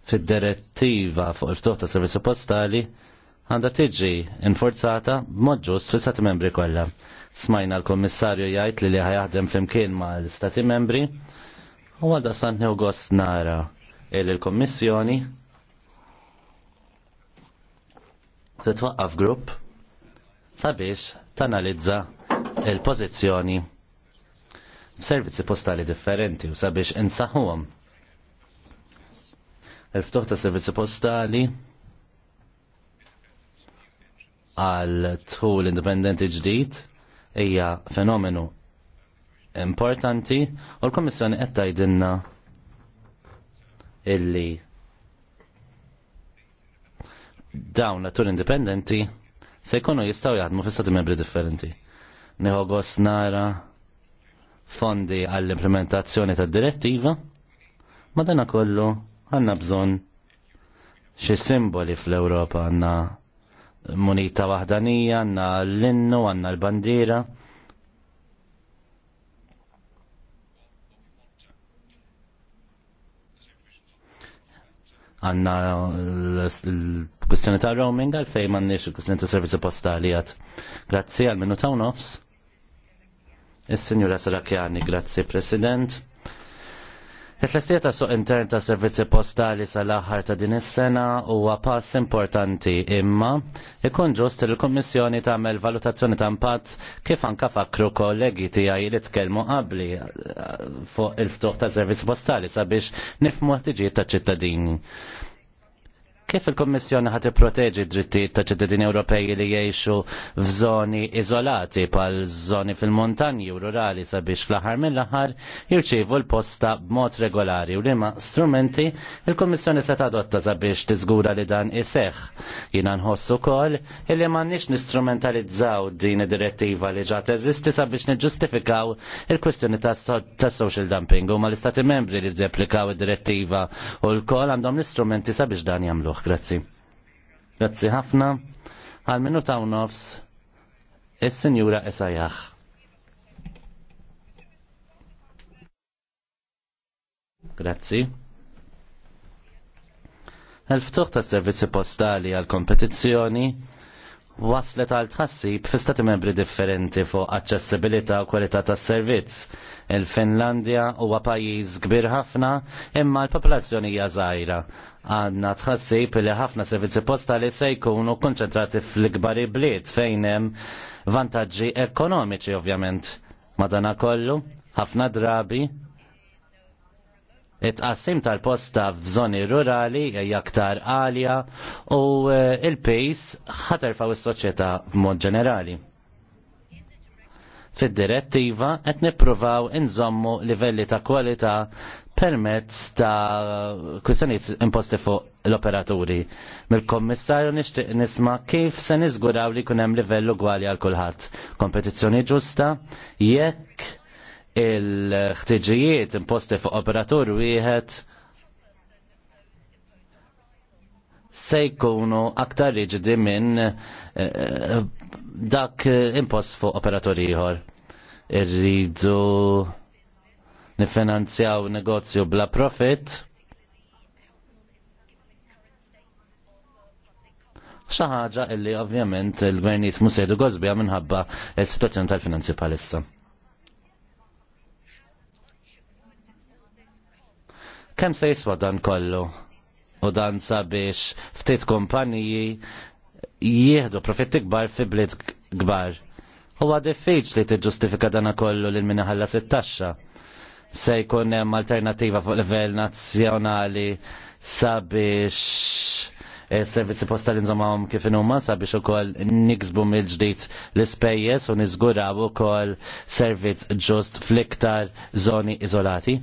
fid-direttiva fuq il-ftuħ ta' servizzi postali għandha tiġi infurzata b'mod ġus fis-Stati membri kollha. Smajna l-Kommissarju jgħid li li ħajaħdem flimkien ma' l-Stati membri u għal dastant gost nara il l-Kommissjoni titwaqqaf grupp sabiex tanalizza il-pożizzjoni f'servizzi postali differenti u sabiex insaħħuhom il-ftuħ ta' servizzi postali għal tħul indipendenti ġdid hija fenomenu importanti u l-Komissjoni qed tgħidilna illi dawn l tul indipendenti se jkunu jistgħu jaħdmu fi stati membri differenti. Nieħu gost nara fondi għall-implementazzjoni tad direttiva ma dana kollu għanna bżon xi simboli fl-Ewropa għanna munita waħdanija, għanna l-innu, għanna l-bandira. Għanna l-kustjoni ta' roaming għalfej mannix l-kustjoni ta' servizzi postali għat. Grazzi għal-minu ta' nofs. Is-Sinjura Sarakjani, grazzi President. Il-tlessija ta' suq intern ta' servizzi postali sal-aħħar ta' din is-sena huwa pass importanti imma ikun ġust li l-Kummissjoni tagħmel valutazzjoni ta' impatt kif anka fakru kollegi tiegħi li tkellmu qabli eh, fuq il-ftuħ ta' servizzi postali sabiex nifhmu ħtiġijiet ta' ċittadini. Kif il-Kommissjoni ħat proteġi drittijiet ta' ċittadini Ewropej li jgħixu f'żoni iżolati pal żoni fil-montanji u rurali sabiex fl-aħħar mill-aħħar jirċievu l-posta b'mod regolari u liema strumenti il-Kommissjoni se tadotta sabiex tiżgura li dan iseħħ. Jiena nħossu wkoll illi m'għandniex nistrumentalizzaw din id-direttiva li ġat teżisti sabiex niġġustifikaw il-kwestjoni ta' social dumping u ma l-istati membri li id-direttiva u l għandhom l-istrumenti sabiex dan jagħmluh nagħmluh. Grazzi. Grazzi ħafna. Għal minu ta' unnofs, il sinjura Esajax. Grazzi. Il-ftuħ ta' servizzi postali għal kompetizzjoni waslet għal tħassib fi stati membri differenti fuq aċċessibilità u kwalità tas servizz. Il-Finlandja huwa pajjiż kbir ħafna imma l-popolazzjoni hija żgħira Għadna tħassib li ħafna servizzi postali se jkunu konċentrati fl-ikbar bliet fejn hemm vantaġġi ekonomiċi ovvjament. Madana kollu, ħafna drabi it-qassim tal-posta f'żoni rurali hija aktar għalja u eh, il-pejs ħaterfaw is-soċjetà mod ġenerali. Fid-direttiva qed nippruvaw inżommu livelli ta' kwalità permezz ta' kwistjonijiet imposti fuq l-operaturi. Mill-Kommissarju nixtieq nisma' kif se niżguraw li jkun hemm livell ugwali għal kulħadd. Kompetizzjoni ġusta jekk il-ħtiġijiet imposti fuq operatur wieħed se jkunu aktar riġdi minn eh, eh, dak impost fuq operatori ieħor. Irridu nifinanzjaw negozju bla profit. ħaġa illi ovvjament il-gvernijiet musejdu għozbija minħabba il-situazzjoni tal-finanzi palissa. Kem se jiswa dan kollu? U dan sabiex ftit kumpaniji jieħdu profitti kbar fi bliet kbar. Huwa diffiċli tiġġustifika dana kollu lil minna ħalla 16 se jkun hemm alternattiva fuq livell nazzjonali sabiex servizzi postali nżommawhom kif huma sabiex ukoll niksbu mill-ġdid l-ispejjeż u niżguraw ukoll servizz ġust fl-iktar żoni iżolati.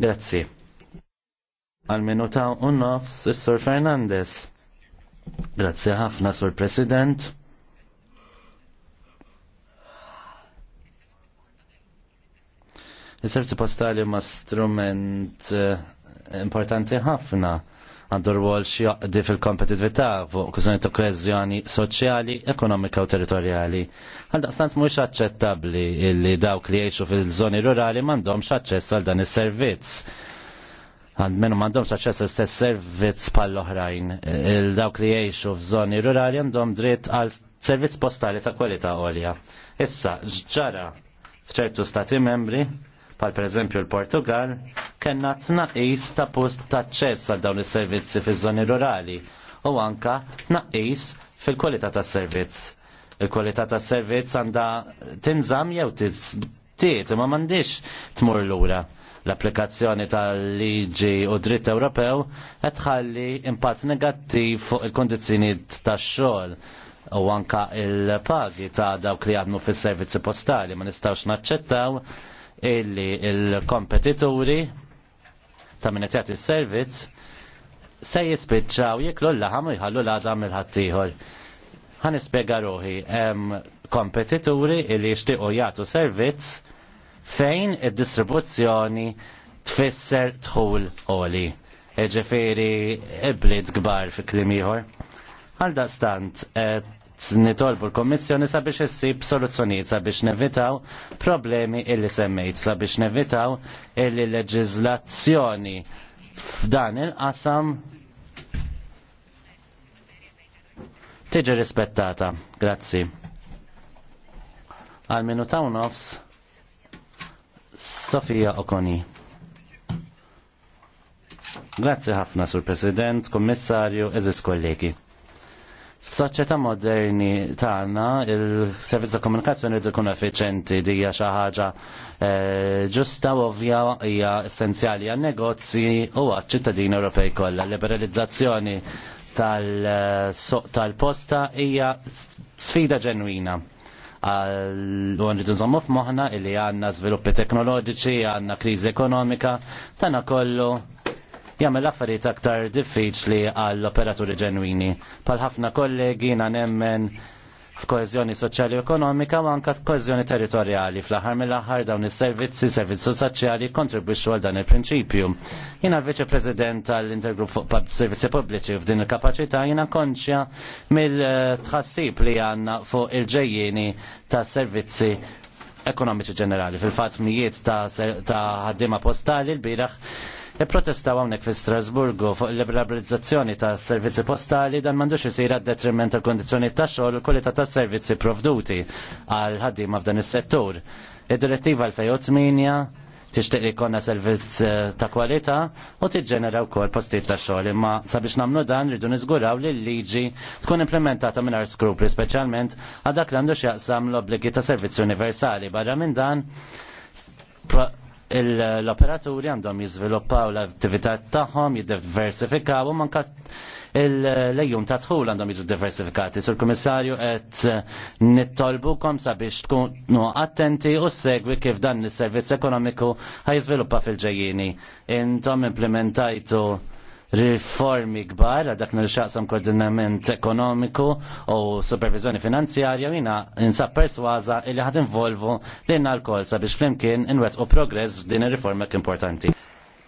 Grazzi. Għal minuta u nofs is-Sur Fernandez. Grazzi ħafna, Sur President. Is-servizzi postali ma strument eh, importanti ħafna għandu rwol xjaqdi fil-kompetitività fuq kużjoni ta' koeżjoni soċjali, ekonomika u territorjali. Għal daqstant mhux aċċettabbli li dawk li jgħixu fil-żoni rurali m'għandhomx aċċess għal dan is-servizz. Għand minnu m'għandhomx aċċess l stess servizz pal oħrajn Il-dawk li jgħixu f'żoni rurali għandhom dritt għal servizz postali ta' kwalità għolja. Issa, ġara f'ċertu stati membri pal per eżempju l-Portugal, kena tnaqis ta' post ta' ċess għal dawn is-servizzi fiż-żoni rurali u anka tnaqis fil-kwalità tas servizz. Il-kwalità tas servizz għandha tinżam jew tiżdied imma m'għandix tmur lura l-applikazzjoni tal-liġi u dritt Ewropew qed tħalli impatt negattiv fuq il kundizzjonijiet tax-xogħol u anka il-pagi ta' dawk li għadmu fis-servizzi postali ma nistgħux naċċettaw illi il-kompetituri ta' minn qed is-servizz se jispiċċaw jiklu l-laħam u jħallu l għadam mill ħattijħor Għan ispiega ruħi hemm kompetituri illi jixtiequ jagħtu servizz fejn id-distribuzzjoni tfisser dħul oli. Eġeferi ibliet gbar fi klim ieħor. Għal stant, eh, nitolbu l-Kommissjoni sabiex issib soluzzjonijiet sabiex nevitaw problemi illi semmejt, sabiex nevitaw illi leġizlazzjoni f'dan il-qasam tiġi rispettata. Grazzi. Għal minu ta' nofs, Sofija Okoni. Grazzi ħafna, Sur President, Kommissarju, eżis kollegi. Soċjetà moderni tagħna il-servizz ta' komunikazzjoni rid ikun effiċenti di hija xi ħaġa eh, ġusta u ovvja hija essenzjali għan negozji u għaċ-ċittadini Ewropej kollha. Liberalizzazzjoni tal-posta hija sfida ġenwina u għan rridu nżommu f'moħna illi għanna sviluppi teknoloġiċi, għanna kriżi ekonomika, tana kollu jagħmel affarijiet aktar diffiċli għall operaturi ġenwini. Pal ħafna kollegi jiena nemmen f'koeżjoni soċjali u ekonomika u anke f'koeżjoni territorjali. Fl-aħħar mill-aħħar dawn is-servizzi, servizzi soċjali kontribwixxu għal dan il-prinċipju. Jiena l-Viċe President tal-Intergrupp fuq Servizzi Pubbliċi f'din il-kapaċità jiena konxja mill-tħassib li għandna fuq il-ġejjieni tas-servizzi ekonomiċi ġenerali. Fil-fatt mijiet ta' ħaddiema postali l-biraħ Ipprotestaw hawnhekk fi Strasburgu fuq il-liberalizzazzjoni ta' servizzi postali dan m'għandux isir għad detriment tal kondizjoni ta' xogħol u kwalità ta' servizzi provduti għal ħaddiema f'dan is-settur. Id-direttiva l-2008 tixtieq li jkollna servizz eh, ta' kwalità u tiġġenera wkoll postijiet ta' xogħol. Imma sabiex nagħmlu dan rridu niżguraw li l-liġi tkun implementata mingħajr skrupli, speċjalment għal dak li għandux jaqsam l-obbligi ta' servizzi universali. Barra minn dan l-operaturi għandhom jizviluppaw l-attività tagħhom, jiddiversifikaw u manka l-lejjum ta' tħul għandhom jiġu diversifikati. Sur kummissarju qed eh, nittolbukom sabiex tkunu attenti u segwi kif dan is-servizz ekonomiku ħajżviluppa fil-ġejjini. Intom implementajtu riformi kbar għadak nil-xaqsam koordinament ekonomiku u supervizjoni finanzjarja jina insab perswaza illi ħat involvu li l-kol sabiex flimkien inwet u progress f'din il-riforma importanti.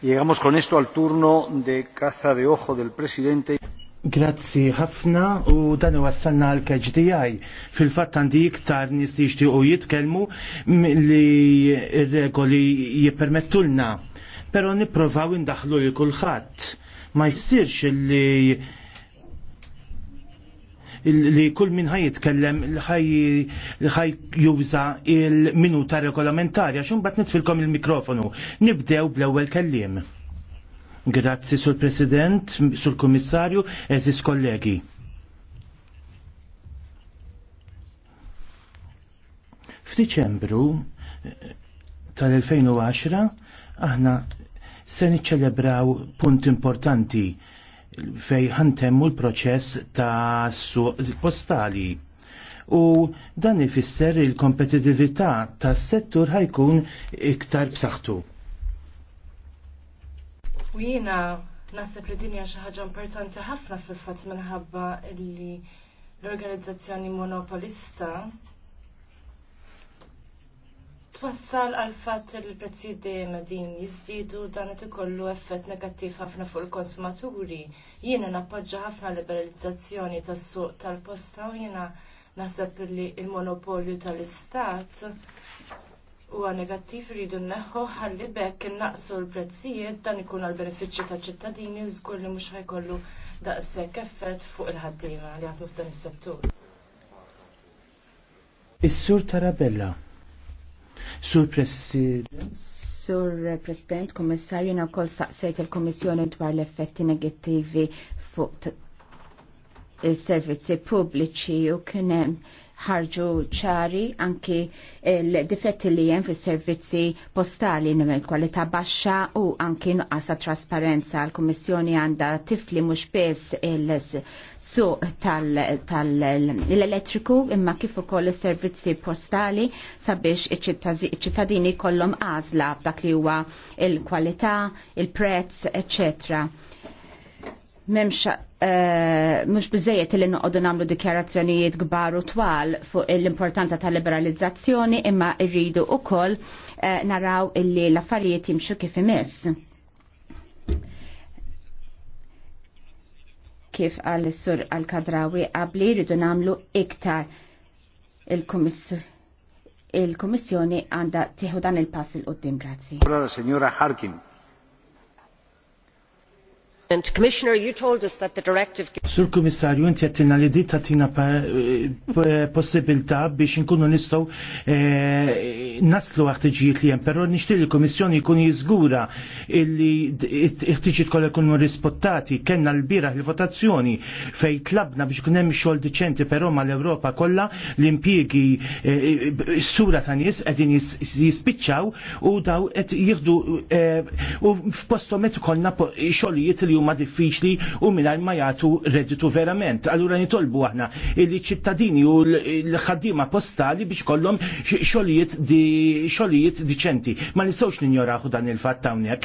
Llegamos con esto al turno de caza de ojo del presidente. Grazzi ħafna u dan wassalna għal KGDI. Fil-fatt għandi iktar nis li u jitkellmu li regoli jippermettulna. Pero nipprovaw indaħlu li kulħadd ma jsirx li li kull min ħaj jitkellem li ħaj juża il-minuta regolamentarja, xum bat nitfilkom il-mikrofonu. Nibdew bl-ewwel kellim. Grazzi sul President, sul Kommissarju, eżis kollegi. F'Diċembru tal-2010 aħna se niċċelebraw punt importanti fej ħantemmu l-proċess ta' suq postali. U dan ifisser il-kompetitività tas settur ħajkun iktar b'saħħtu. U naħseb li dinja xi ħaġa importanti ħafna fil-fatt minħabba li l-organizzazzjoni monopolista twassal għal fatt li l-prezzijiet dejjem din jiżdiedu dan qed ikollu effett negattiv ħafna fuq il-konsumaturi. Jiena nappoġġa ħafna liberalizzazzjoni tas-suq tal-posta u jiena naħseb li l-monopolju tal-istat huwa negattiv iridu nneħħu ħalli bekk innaqsu l-prezzijiet dan ikun għal benefiċċju tal-ċittadini u żgur li mhux ħajkollu daqshekk effett fuq il-ħaddiema li jaħdmu f'dan is-settur. Is-Sur Tarabella Sur President. Sur President, Kommissarju, na kol saqsejt il-Komissjoni dwar l-effetti negattivi fuq il-servizzi pubbliċi u kienem ħarġu ċari anki l-difetti li jen fis servizzi postali nimel kwalità baxxa u anki nuqqasa trasparenza l kummissjoni għanda tifli mhux biss il-suq tal-elettriku imma kif ukoll is-servizzi postali sabiex iċ-ċittadini kollhom għażla f'dak li huwa il-kwalità, il-prezz, eccetera memx eh, mhux mux bizzejiet li nagħmlu namlu dikjarazzjonijiet gbar u twal fuq l-importanza tal liberalizzazzjoni imma irridu u koll eh, naraw illi l-affarijiet jimxu kif imiss. Kif għal sur għal-kadrawi għabli rridu namlu iktar il-Komissjoni il għanda tiħu dan il-pass il-qoddim, grazzi. Signora Harkin. Commissioner, you told us that the directive... Sur Kummissarju, inti għattina li di tatina eh, eh, possibilità biex nkunu nistaw eh, naslu għaktiġijiet li jem, pero nishtir li l-Komissjoni jkun jizgura illi iħtiġiet kolla jkunu rispottati, kena l-bira l-votazzjoni fej tlabna biex kunem xol diċenti, pero ma l-Europa kolla l-impiegi sura ta' nis għedin jispiċċaw u daw għed jihdu u f'postomet kollna xolijiet li huma diffiċli u mingħajr ma jagħtu redditu verament. Allura nitolbu aħna illi ċittadini u l-ħaddiema postali biex kollhom xogħlijiet diċenti. Ma nistgħux ninjoraħu dan il-fatt hawnhekk.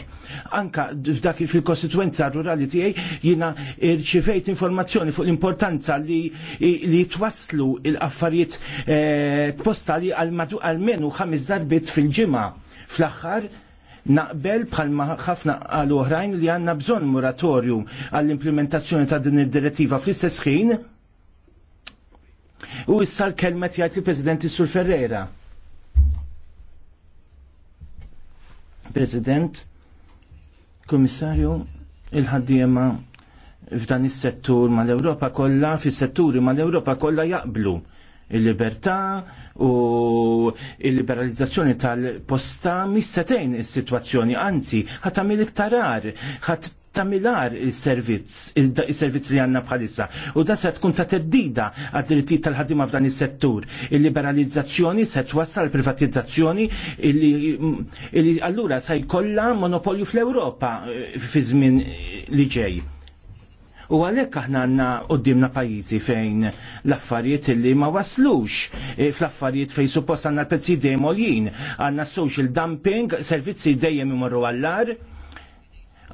Anka f'dak fil-kostituenza rurali tiegħi jiena rċivejt informazzjoni fuq l-importanza li li twasslu l-affarijiet eh, postali għal menu ħames darbit fil-ġimgħa. Fl-aħħar naqbel bħalma ħafna għal oħrajn li għanna bżon moratorju għall-implementazzjoni ta' din id-direttiva fl-istess ħin. U issa l-kelmet jgħid il-President Sur Ferreira. President, Komissarju, il-ħaddiema f'dan is-settur mal-Ewropa kollha, fis-setturi mal-Ewropa kollha jaqblu il-libertà u il-liberalizzazzjoni tal-posta mis-setejn is-sitwazzjoni, anzi, ħatamil iktarar, ħat tamilar il-servizz, il-servizz li għanna bħalissa. U da se tkun ta' teddida għad-dritti tal-ħadima f'dan is-settur. Il-liberalizzazzjoni se twassal privatizzazzjoni li allura se jkollha monopolju fl-Ewropa fi żmien li ġej. U għalhekk aħna għandna għoddimna pajjiżi fejn l-affarijiet illi ma waslux e, fl-affarijiet fejn suppost għandna l-pezzi dejjem għoljin, għandna social dumping, servizzi dejjem imorru għallar,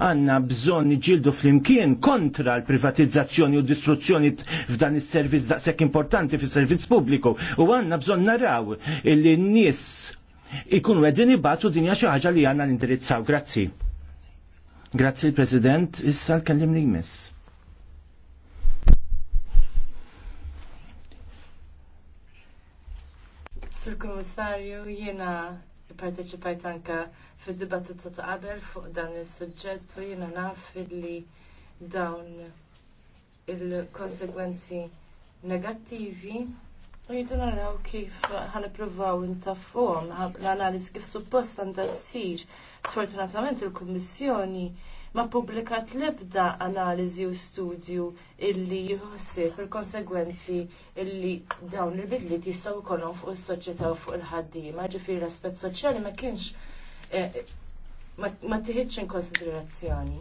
għanna bżon ġildu fl-imkien kontra l-privatizzazzjoni u distruzzjoni f'dan is servizz daqshekk importanti fis servizz pubbliku. U għanna bżon naraw illi n-nies ikunu għedin ibatu dinja xi ħaġa li għanna l-indirizzaw. Grazzi. Grazzi l-President, issa l-kellim li jmiss. Sur Kummissarju, jiena parteċipajt anka fil-dibattitu ta' qabel fuq dan is-suġġett u jiena naf li dawn il-konsekwenzi negattivi u jidu naraw kif ħanipruvaw intaffuhom l-analiż kif suppost għandha ssir. Sfortunatament il-Kummissjoni ma publikat lebda analiżi u studju illi jħossi il-konsegwenzi illi dawn il-bidliet jistgħu jkollhom fuq is-soċjetà u fuq il-ħaddiema, ġifieri l-aspett soċjali ma kienx eh, ma tiħitx in konsiderazzjoni.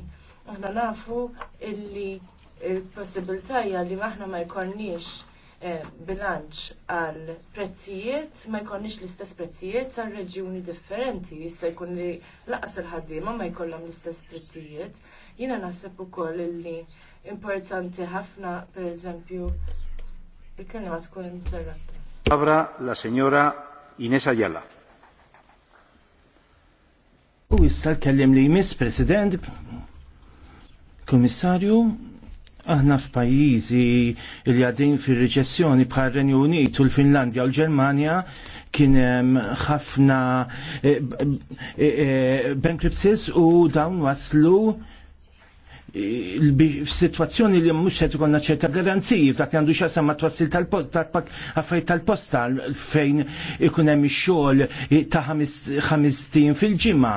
Aħna nafu illi il-possibilità li maħna ma jkollniex Eh, bilanċ għal prezzijiet, ma jkollniex l-istess prezzijiet għal reġjuni differenti, jista' jkun li laqas il-ħaddiema ma jkollhom l-istess drittijiet. Jiena naħseb ukoll li importanti ħafna, pereżempju, il-kelma tkun interrotta. Abra la signora Inés Ayala. U issa l-kellim li jmiss, President, Komissarju, Aħna f'pajjiżi li għadin fir reċessjoni bħal Renju Unit u l-Finlandja u l-Ġermanja kien hemm ħafna eh, eh, eh, bankruptcies u dawn waslu situazzjoni li mhux se tkollna ċerta garanziji f'dak li għandu xasam ma twassil tal-affarijiet tal-posta fejn ikun hemm ix-xogħol ta' ħames fil-ġimgħa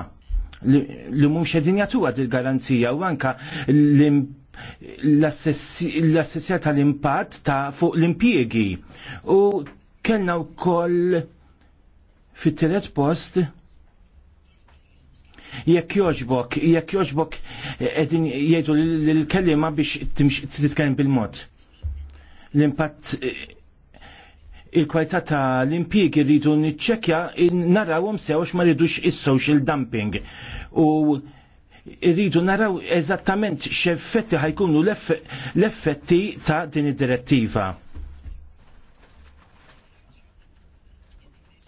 li mhumx qegħdin jagħtuha il garanzija u anka l l-assessja tal-impatt ta' fuq l-impjiegi u kellna wkoll fit-telet post jekk joġbok, jekk joġbok edin eh, jgħidu l-kellima biex titkellem bil-mod. L-impatt eh, il-kwalità ta' l-impjiegi rridu niċċekja narawhom sewx ma rridux is-social dumping. U irridu naraw eżattament x'effetti ħajkunu l-effetti ta' din id-direttiva.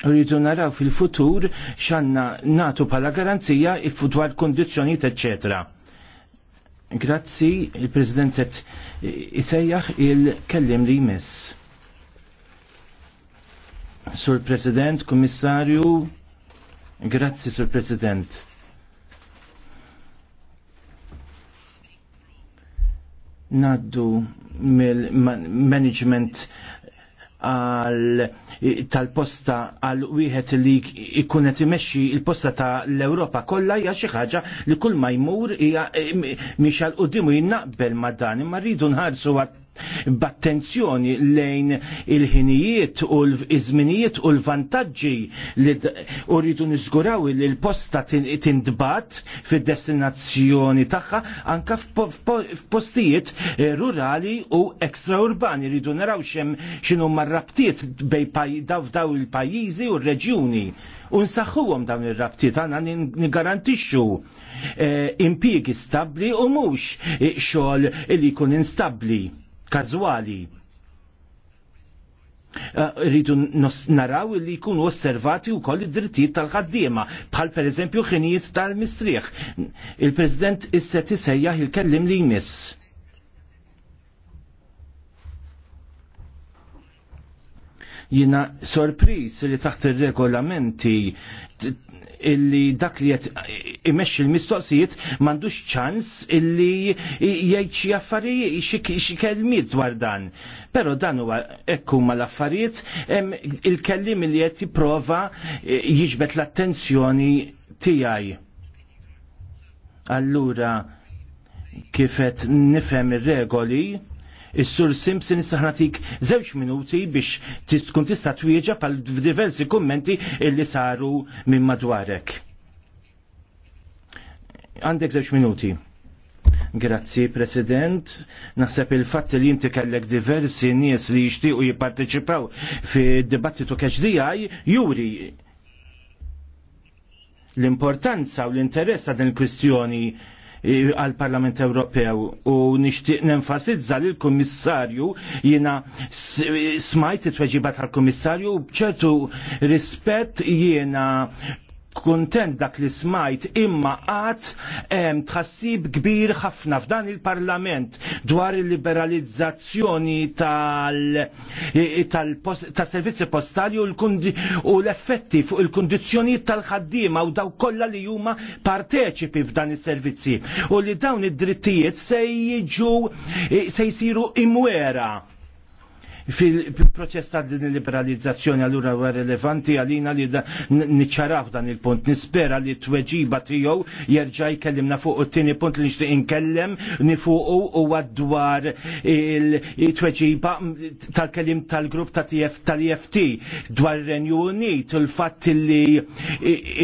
Rridu naraw fil-futur x'għandna natu bħala garanzija il-futwar kondizjoniet, Grazzi, il presidentet isejjaħ il-kellim li jmiss. Sur President, Kummissarju, grazzi Sur President. naddu mill-management tal-posta għal wieħed li ikun qed imexxi il-posta ta' l-Ewropa kollha hija xi ħaġa li kull ma jmur hija eh, mhix għal qudiemu jinnaqbel ma' dan imma rridu nħarsu b'attenzjoni lejn il-ħinijiet u l-izminijiet u l-vantaġġi li rridu niżguraw li l-posta tindbat fid-destinazzjoni tagħha anka f'postijiet eh, rurali u ekstraurbani rridu naraw xem x'inhu mar-rabtiet bej daw il-pajjiżi u r-reġjuni u nsaħħuhom dawn ir-rabtiet għandna nigarantixxu eh, impjiegi stabbli u mhux eh, xogħol li jkun instabbli każwali. Eh, rridu naraw li jkunu osservati u koll id-drittijiet tal-ħaddiema, bħal per eżempju ħinijiet tal-mistrieħ. Il-President issa tisejjaħ il-kellim li jmiss. jina sorpris li taħt il-regolamenti illi dak li qed imexxi l-mistoqsijiet m'għandux ċans illi jajċi xi affarijiet xi dwar dan. Però dan huwa hekk huma l-affarijiet il-kellim li qed jipprova e, jiġbed l-attenzjoni tiegħi. Allura kifet nifhem ir-regoli Is-Sur Simpson issa żewġ minuti biex tkun tista' twieġa għal diversi kummenti illi saru minn madwarek. Għandek żewġ minuti. Grazzi, President. Naħseb il-fatt li jinti kellek diversi nies li jixtiequ jipparteċipaw fi dibattitu keċdijaj, juri l-importanza u l-interess ta' din il-kwistjoni għal-Parlament Ewropew u nixtieq nenfasizza li l-Kummissarju jiena smajt it tweġibat għal kummissarju bċertu rispett jiena kontent dak li smajt imma għat tħassib kbir ħafna f'dan il-parlament dwar il-liberalizzazzjoni tal-servizzi postali u l-effetti fuq il-kondizjoni tal-ħaddima u daw kollha li huma parteċipi f'dan is-servizzi u li dawn id-drittijiet se jiġu se jsiru imwera fil-proċess ta' din il-liberalizzazzjoni allura huwa rilevanti għalina li niċċaraw dan il-punt. Nispera li t-tweġiba tiegħu jerġa' jkellimna fuq it-tieni punt li nixtieq inkellem nifuqu huwa dwar il-tweġiba tal-kelim tal-grupp ta' TF tal-EFT dwar Renju Unit il-fatt li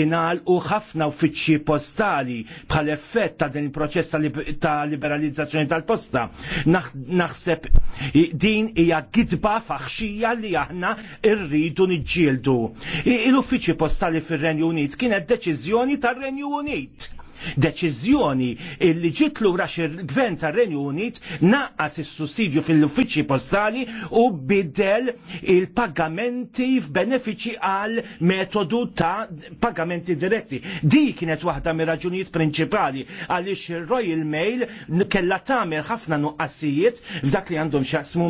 inalqu ħafna uffiċċji postali bħal effett ta' din il-proċess ta' liberalizzazzjoni tal-posta. Naħseb din hija gidba kitba faħxija li aħna rridu niġġieldu. Il-uffiċi postali fir-Renju Unit kienet deċiżjoni tar-Renju Unit Deċiżjoni illi ġiet lura il-gvern tar-Renju Unit naqqas is-sussidju fil-uffiċċji postali u bidel il-pagamenti f'benefiċi għal metodu ta' pagamenti diretti. Di kienet waħda mir raġunijiet prinċipali għaliex ir-Royal Mail kella tagħmel ħafna nuqqasijiet f'dak li għandhom x'jaqsmu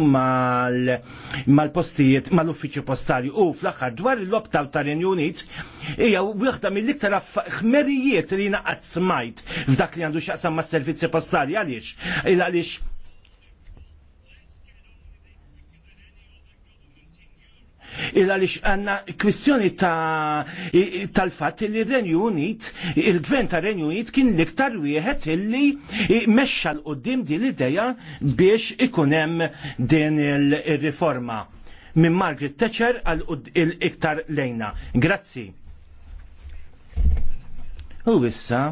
mal-postijiet mal-uffiċċju postali u fl-aħħar dwar il-lobtaw tar-Renju Unit hija waħda mill-iktar ħmerijiet li naqqas smajt f'dak li għandu xaqsam ma' servizzi postali għaliex. Il għaliex il għalix għanna kwistjoni tal-fat li Renju Unit, il-gvern ta' Renju Unit kien liktar wieħed illi mexxa l-qoddim di l-ideja biex ikunem din il-riforma minn Margaret Thatcher għal iktar lejna. Grazzi. U issa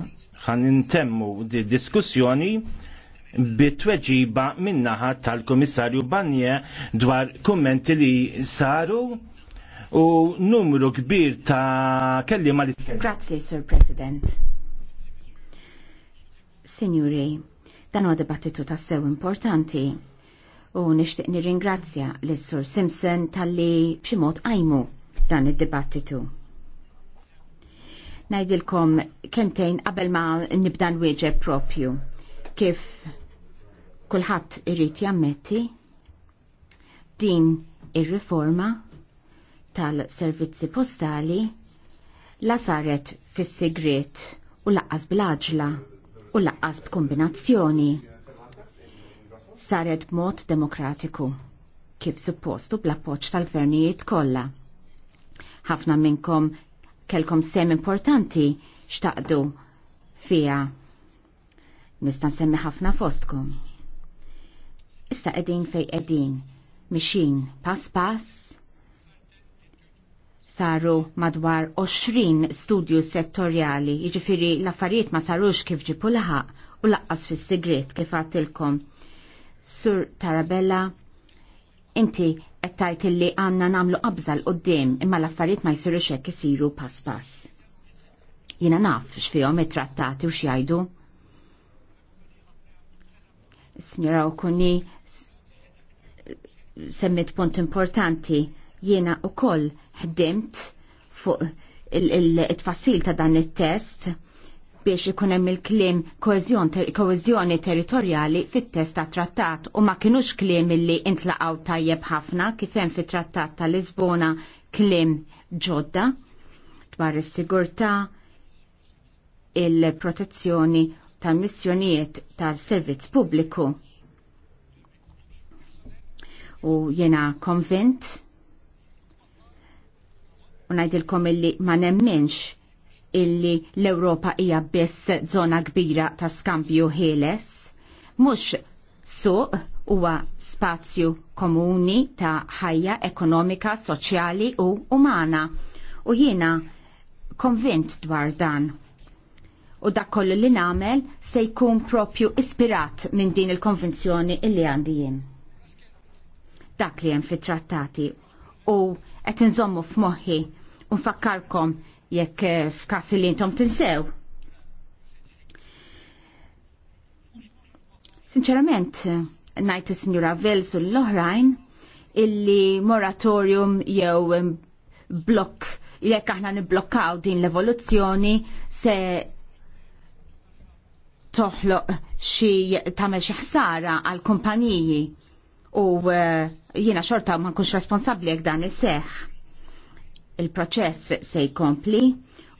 ħan intemmu di diskussjoni bitweġiba minnaħa tal-Komissarju Banje dwar kummenti li saru u numru kbir ta' kellima li Grazie, Grazzi, Sir President. Signori, dan huwa dibattitu ta' sew importanti u nixtieq nirringrazzja lis sur Simpson tal-li b'xi mod għajmu dan id-dibattitu. Najdilkom kentejn qabel ma nibda nwieġeb propju. Kif kulħadd irrit jammetti din ir-riforma tal-servizzi postali la saret fis-sigriet u laqqas bil-aġla u laqqas b'kombinazzjoni. Saret b'mod demokratiku kif suppostu bl-appoġġ tal-gvernijiet kollha. Ħafna minnkom kelkom sem importanti xtaqdu fija. Nista' semmi ħafna fostkom. Issa qegħdin fej qegħdin, mixin pass pass, saru madwar 20 studju settorjali, jiġifieri l-affarijiet ma sarux kif ġipu laħaq u laqqas fis sigret kif għatilkom. Sur Tarabella, inti tajt illi għanna namlu qabża l-qoddim imma l-affarijiet ma jsirux hekk isiru pass pass. Jiena naf x'fihom it-trattati u x'jgħidu. Signora Okuni semmit punt importanti jiena koll ħdimt fuq il-tfassil ta' dan it-test biex ikun hemm il-kliem koeżjoni territorjali fit-test ta' trattat u ma kinux kliem illi intlaqgħu tajjeb ħafna kif hemm fit-trattat ta' Lisbona kliem ġodda dwar is-sigurtà il-protezzjoni tal missjonijiet tal-servizz pubbliku. U jena konvent u ngħidilkom illi ma nemminx illi l-Ewropa hija biss zona kbira ta' skambju ħieles, mhux suq huwa spazju komuni ta' ħajja ekonomika, soċjali u umana. U jiena konvint dwar dan. U dak kollu li nagħmel se jkun propju ispirat minn din il-konvenzjoni illi għandi jien. Dak li hemm fit-trattati u qed inżommu f'moħħi u nfakkarkom jekk eh, f'kas li intom tinsew. Sinċerament, najt is-Sinjura Vels u l-oħrajn illi moratorium jew blokk jekk aħna niblokkaw din l-evoluzzjoni se toħloq xi tamel xi ħsara għal kumpaniji u eh, jiena xorta ma nkunx responsabbli jekk dan is seħ Il-proċess se jkompli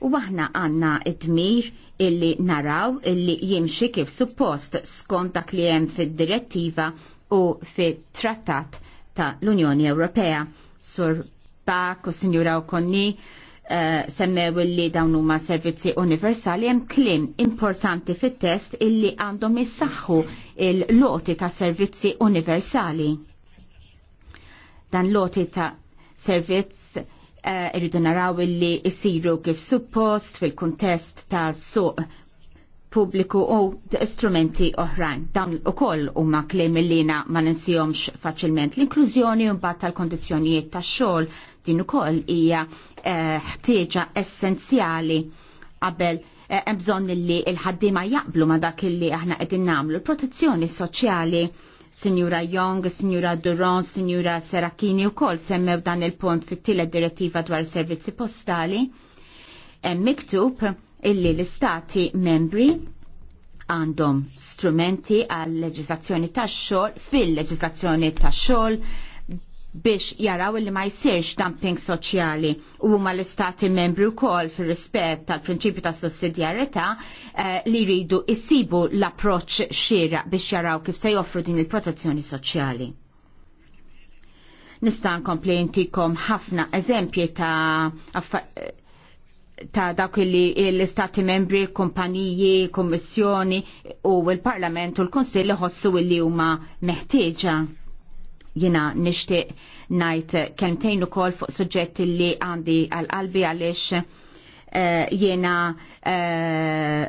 u aħna għanna it tmir illi naraw illi jimxi kif suppost skont dak li hemm fid-direttiva u fit-trattat ta' l-Unjoni Ewropea. Sur Bak u Sinjura Okonni uh, semmew illi dawn huma servizzi universali hemm klim importanti fit-test illi għandhom issaħħu il-loti ta' servizzi universali. Dan loti ta' servizz Eh, irridu naraw li jisiru kif suppost fil-kuntest ta' suq pubbliku u strumenti oħrajn. Dan u koll u ma klejm lina ma ninsijomx faċilment. L-inklużjoni u mbatta tal-kondizjonijiet ta' xol din u koll ija eh, ħtieġa essenzjali qabel eh, hemm bżonn li l-ħaddiema jaqblu ma dak illi aħna qegħdin nagħmlu. Protezzjoni soċjali Signora Young, Signora Duron, Signora Serakini u kol semmew dan il-punt fit-tielet direttiva dwar servizzi postali. Hemm miktub illi l-istati membri għandhom strumenti għal leġislazzjoni tax xogħol fil-leġislazzjoni tax xogħol biex jaraw li ma jsirx dumping soċjali u huma l-istati membri wkoll fir rispett tal-prinċipju ta' sussidjarjetà eh, li jridu jsibu l approċċ xieraq biex jaraw kif se joffru din il-protezzjoni soċjali. Nista' nkompli intikom ħafna eżempji ta' ta' dak li l-istati membri, kumpaniji, kummissjoni u l-Parlament u l-Konsill iħossu li huma meħtieġa Jina nishtiq najt kelmtejn ukoll fuq suġġetti li għandi għal-qalbi għaliex uh, jiena eh,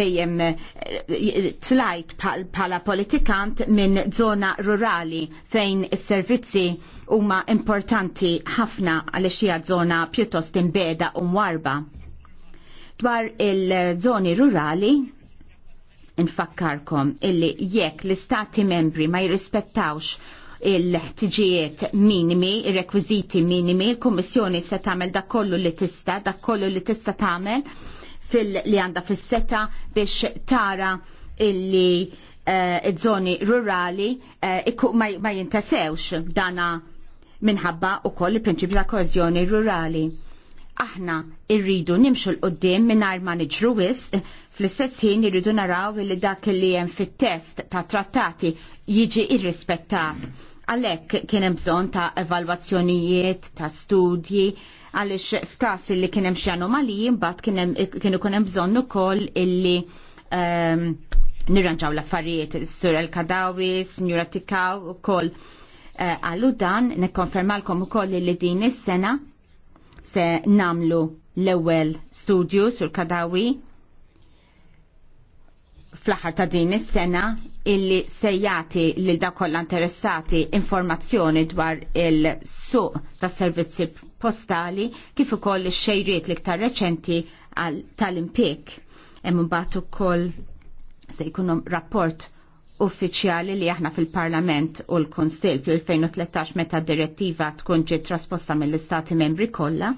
dejjem eh, tlajt bħala politikant minn zona rurali fejn is-servizzi huma importanti ħafna għaliex hija żona pjuttost imbeda u mwarba. Dwar il-żoni rurali, Infakkarkom illi jekk l-istati membri ma jirrispettawx il-ħtiġijiet minimi, il-rekwiziti minimi, il-Kommissjoni se tagħmel dak kollu li tista, dak kollu li tista tagħmel fil-li għandha fis-seta biex tara illi eh, iż-żoni rurali eh, ma jintasewx dana minħabba u koll il-prinċipju ta' kożjoni rurali aħna irridu nimxu l-qoddim mingħajr ma niġru wisq, fl-istess ħin irridu naraw li dak li hemm fit-test ta' trattati jiġi irrispettat. Għalhekk kien hemm bżonn ta' evalwazzjonijiet, ta' studji, għaliex f'każ li kien hemm xi anomaliji mbagħad kien ikun hemm bżonn ukoll illi um, nirranġaw l-affarijiet, s-sur el kadawis njuratikaw tikaw, u koll eh, għallu dan, nekkonfermalkom u koll li din is-sena se namlu l-ewwel studju sur kadawi fl-aħħar ta' din is-sena illi se jagħti lil dawk interessati informazzjoni dwar il-suq tas-servizzi postali kif ukoll ix-xejriet l-iktar reċenti tal impik Hemm imbagħad ukoll se jkunu rapport uffiċjali li aħna fil-Parlament u l-Konsil fil-2013 meta direttiva tkun ġiet trasposta mill-Istati membri kollha.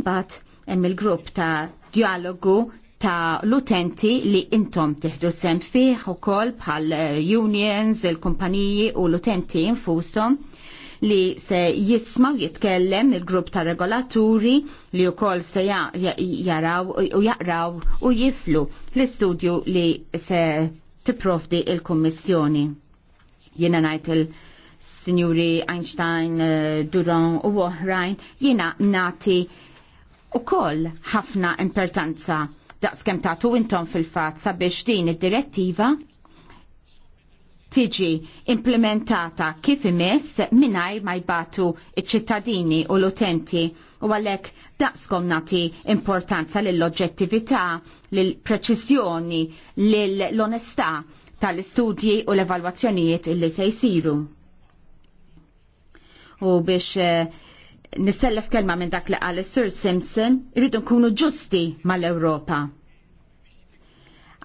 Mbagħad hemm il-grupp ta' dialogu ta' l-utenti li intom tiħdu sem fih ukoll bħal eh, unions, il-kumpaniji u l-utenti infushom li se jisma' jitkellem il-grupp ta' regolaturi li wkoll se jaraw u jaqraw u jiflu l-istudju li se tipprovdi il-Kummissjoni. Jiena ngħid il sinjuri Einstein, eh, Duron u oħrajn, jiena nati u koll ħafna importanza daqskem tatu intom fil-fat sabiex din id-direttiva tiġi implementata kif imess minnaj ma jbatu iċ-ċittadini u l-utenti u għalek daqskom nati importanza lill-oġġettività, lill-preċizjoni, lill-onestà tal-istudji u l-evalwazzjonijiet illi se jsiru. U biex eh, nistellef kelma minn dak li qal Sir sur Simpson, irridu nkunu ġusti mal-Ewropa.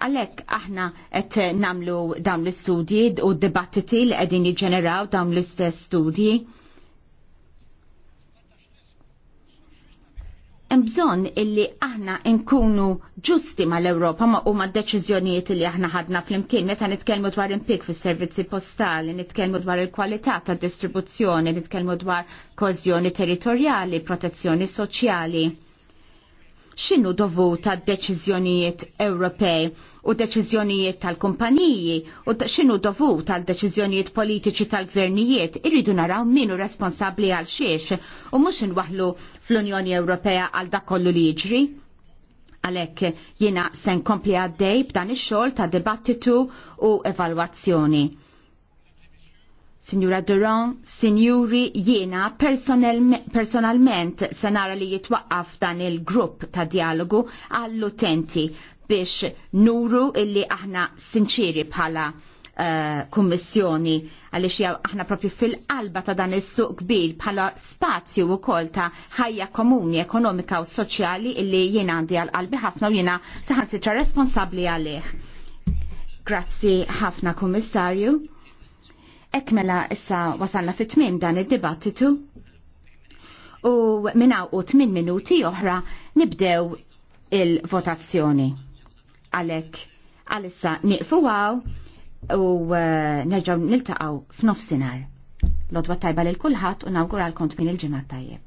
Għalek aħna qed namlu dawn l-istudji u d-dibattiti li qegħdin jiġġeneraw dawn l-istess studji. bżonn illi aħna nkunu ġusti mal-Ewropa ma' u ma' deċiżjonijiet li aħna ħadna fl-imkien meta nitkellmu dwar impik fis servizzi postali, nitkellmu dwar il-kwalità ta' distribuzzjoni, nitkellmu dwar kozjoni territorjali, protezzjoni soċjali x'inhu dovu ta' deċiżjonijiet Ewropej u deċiżjonijiet tal-kumpaniji u x'inhu dovut tal deċiżjonijiet politiċi tal-gvernijiet irridu naraw min hu responsabbli għal xiex u mhux inwaħlu fl-Unjoni Ewropea għal dak kollu li jiġri għalek jina sen kompli għaddej b'dan ix-xogħol ta' dibattitu u evalwazzjoni. Signora Durand, sinjuri jiena personalment se nara li jitwaqqaf dan il-grupp ta' dialogu għall-utenti biex nuru illi aħna sinċiri bħala uh, kummissjoni għalix aħna propju fil-qalba ta' dan is-suq kbir bħala spazju u kol ta' ħajja komuni, ekonomika u soċjali illi jiena għandi għal-qalbi ħafna u jiena saħansitra responsabli għalih. Grazzi ħafna kummissarju. Ekmela issa wasalna fit-tmim dan id-dibattitu u minnaw u tmin minuti oħra nibdew il-votazzjoni. Għalek, għalissa niqfu għaw u eh, nerġaw niltaqaw f'nofsinar. Lodwa tajba l-kulħat u nawguralkom tmin il-ġimgħa tajjeb.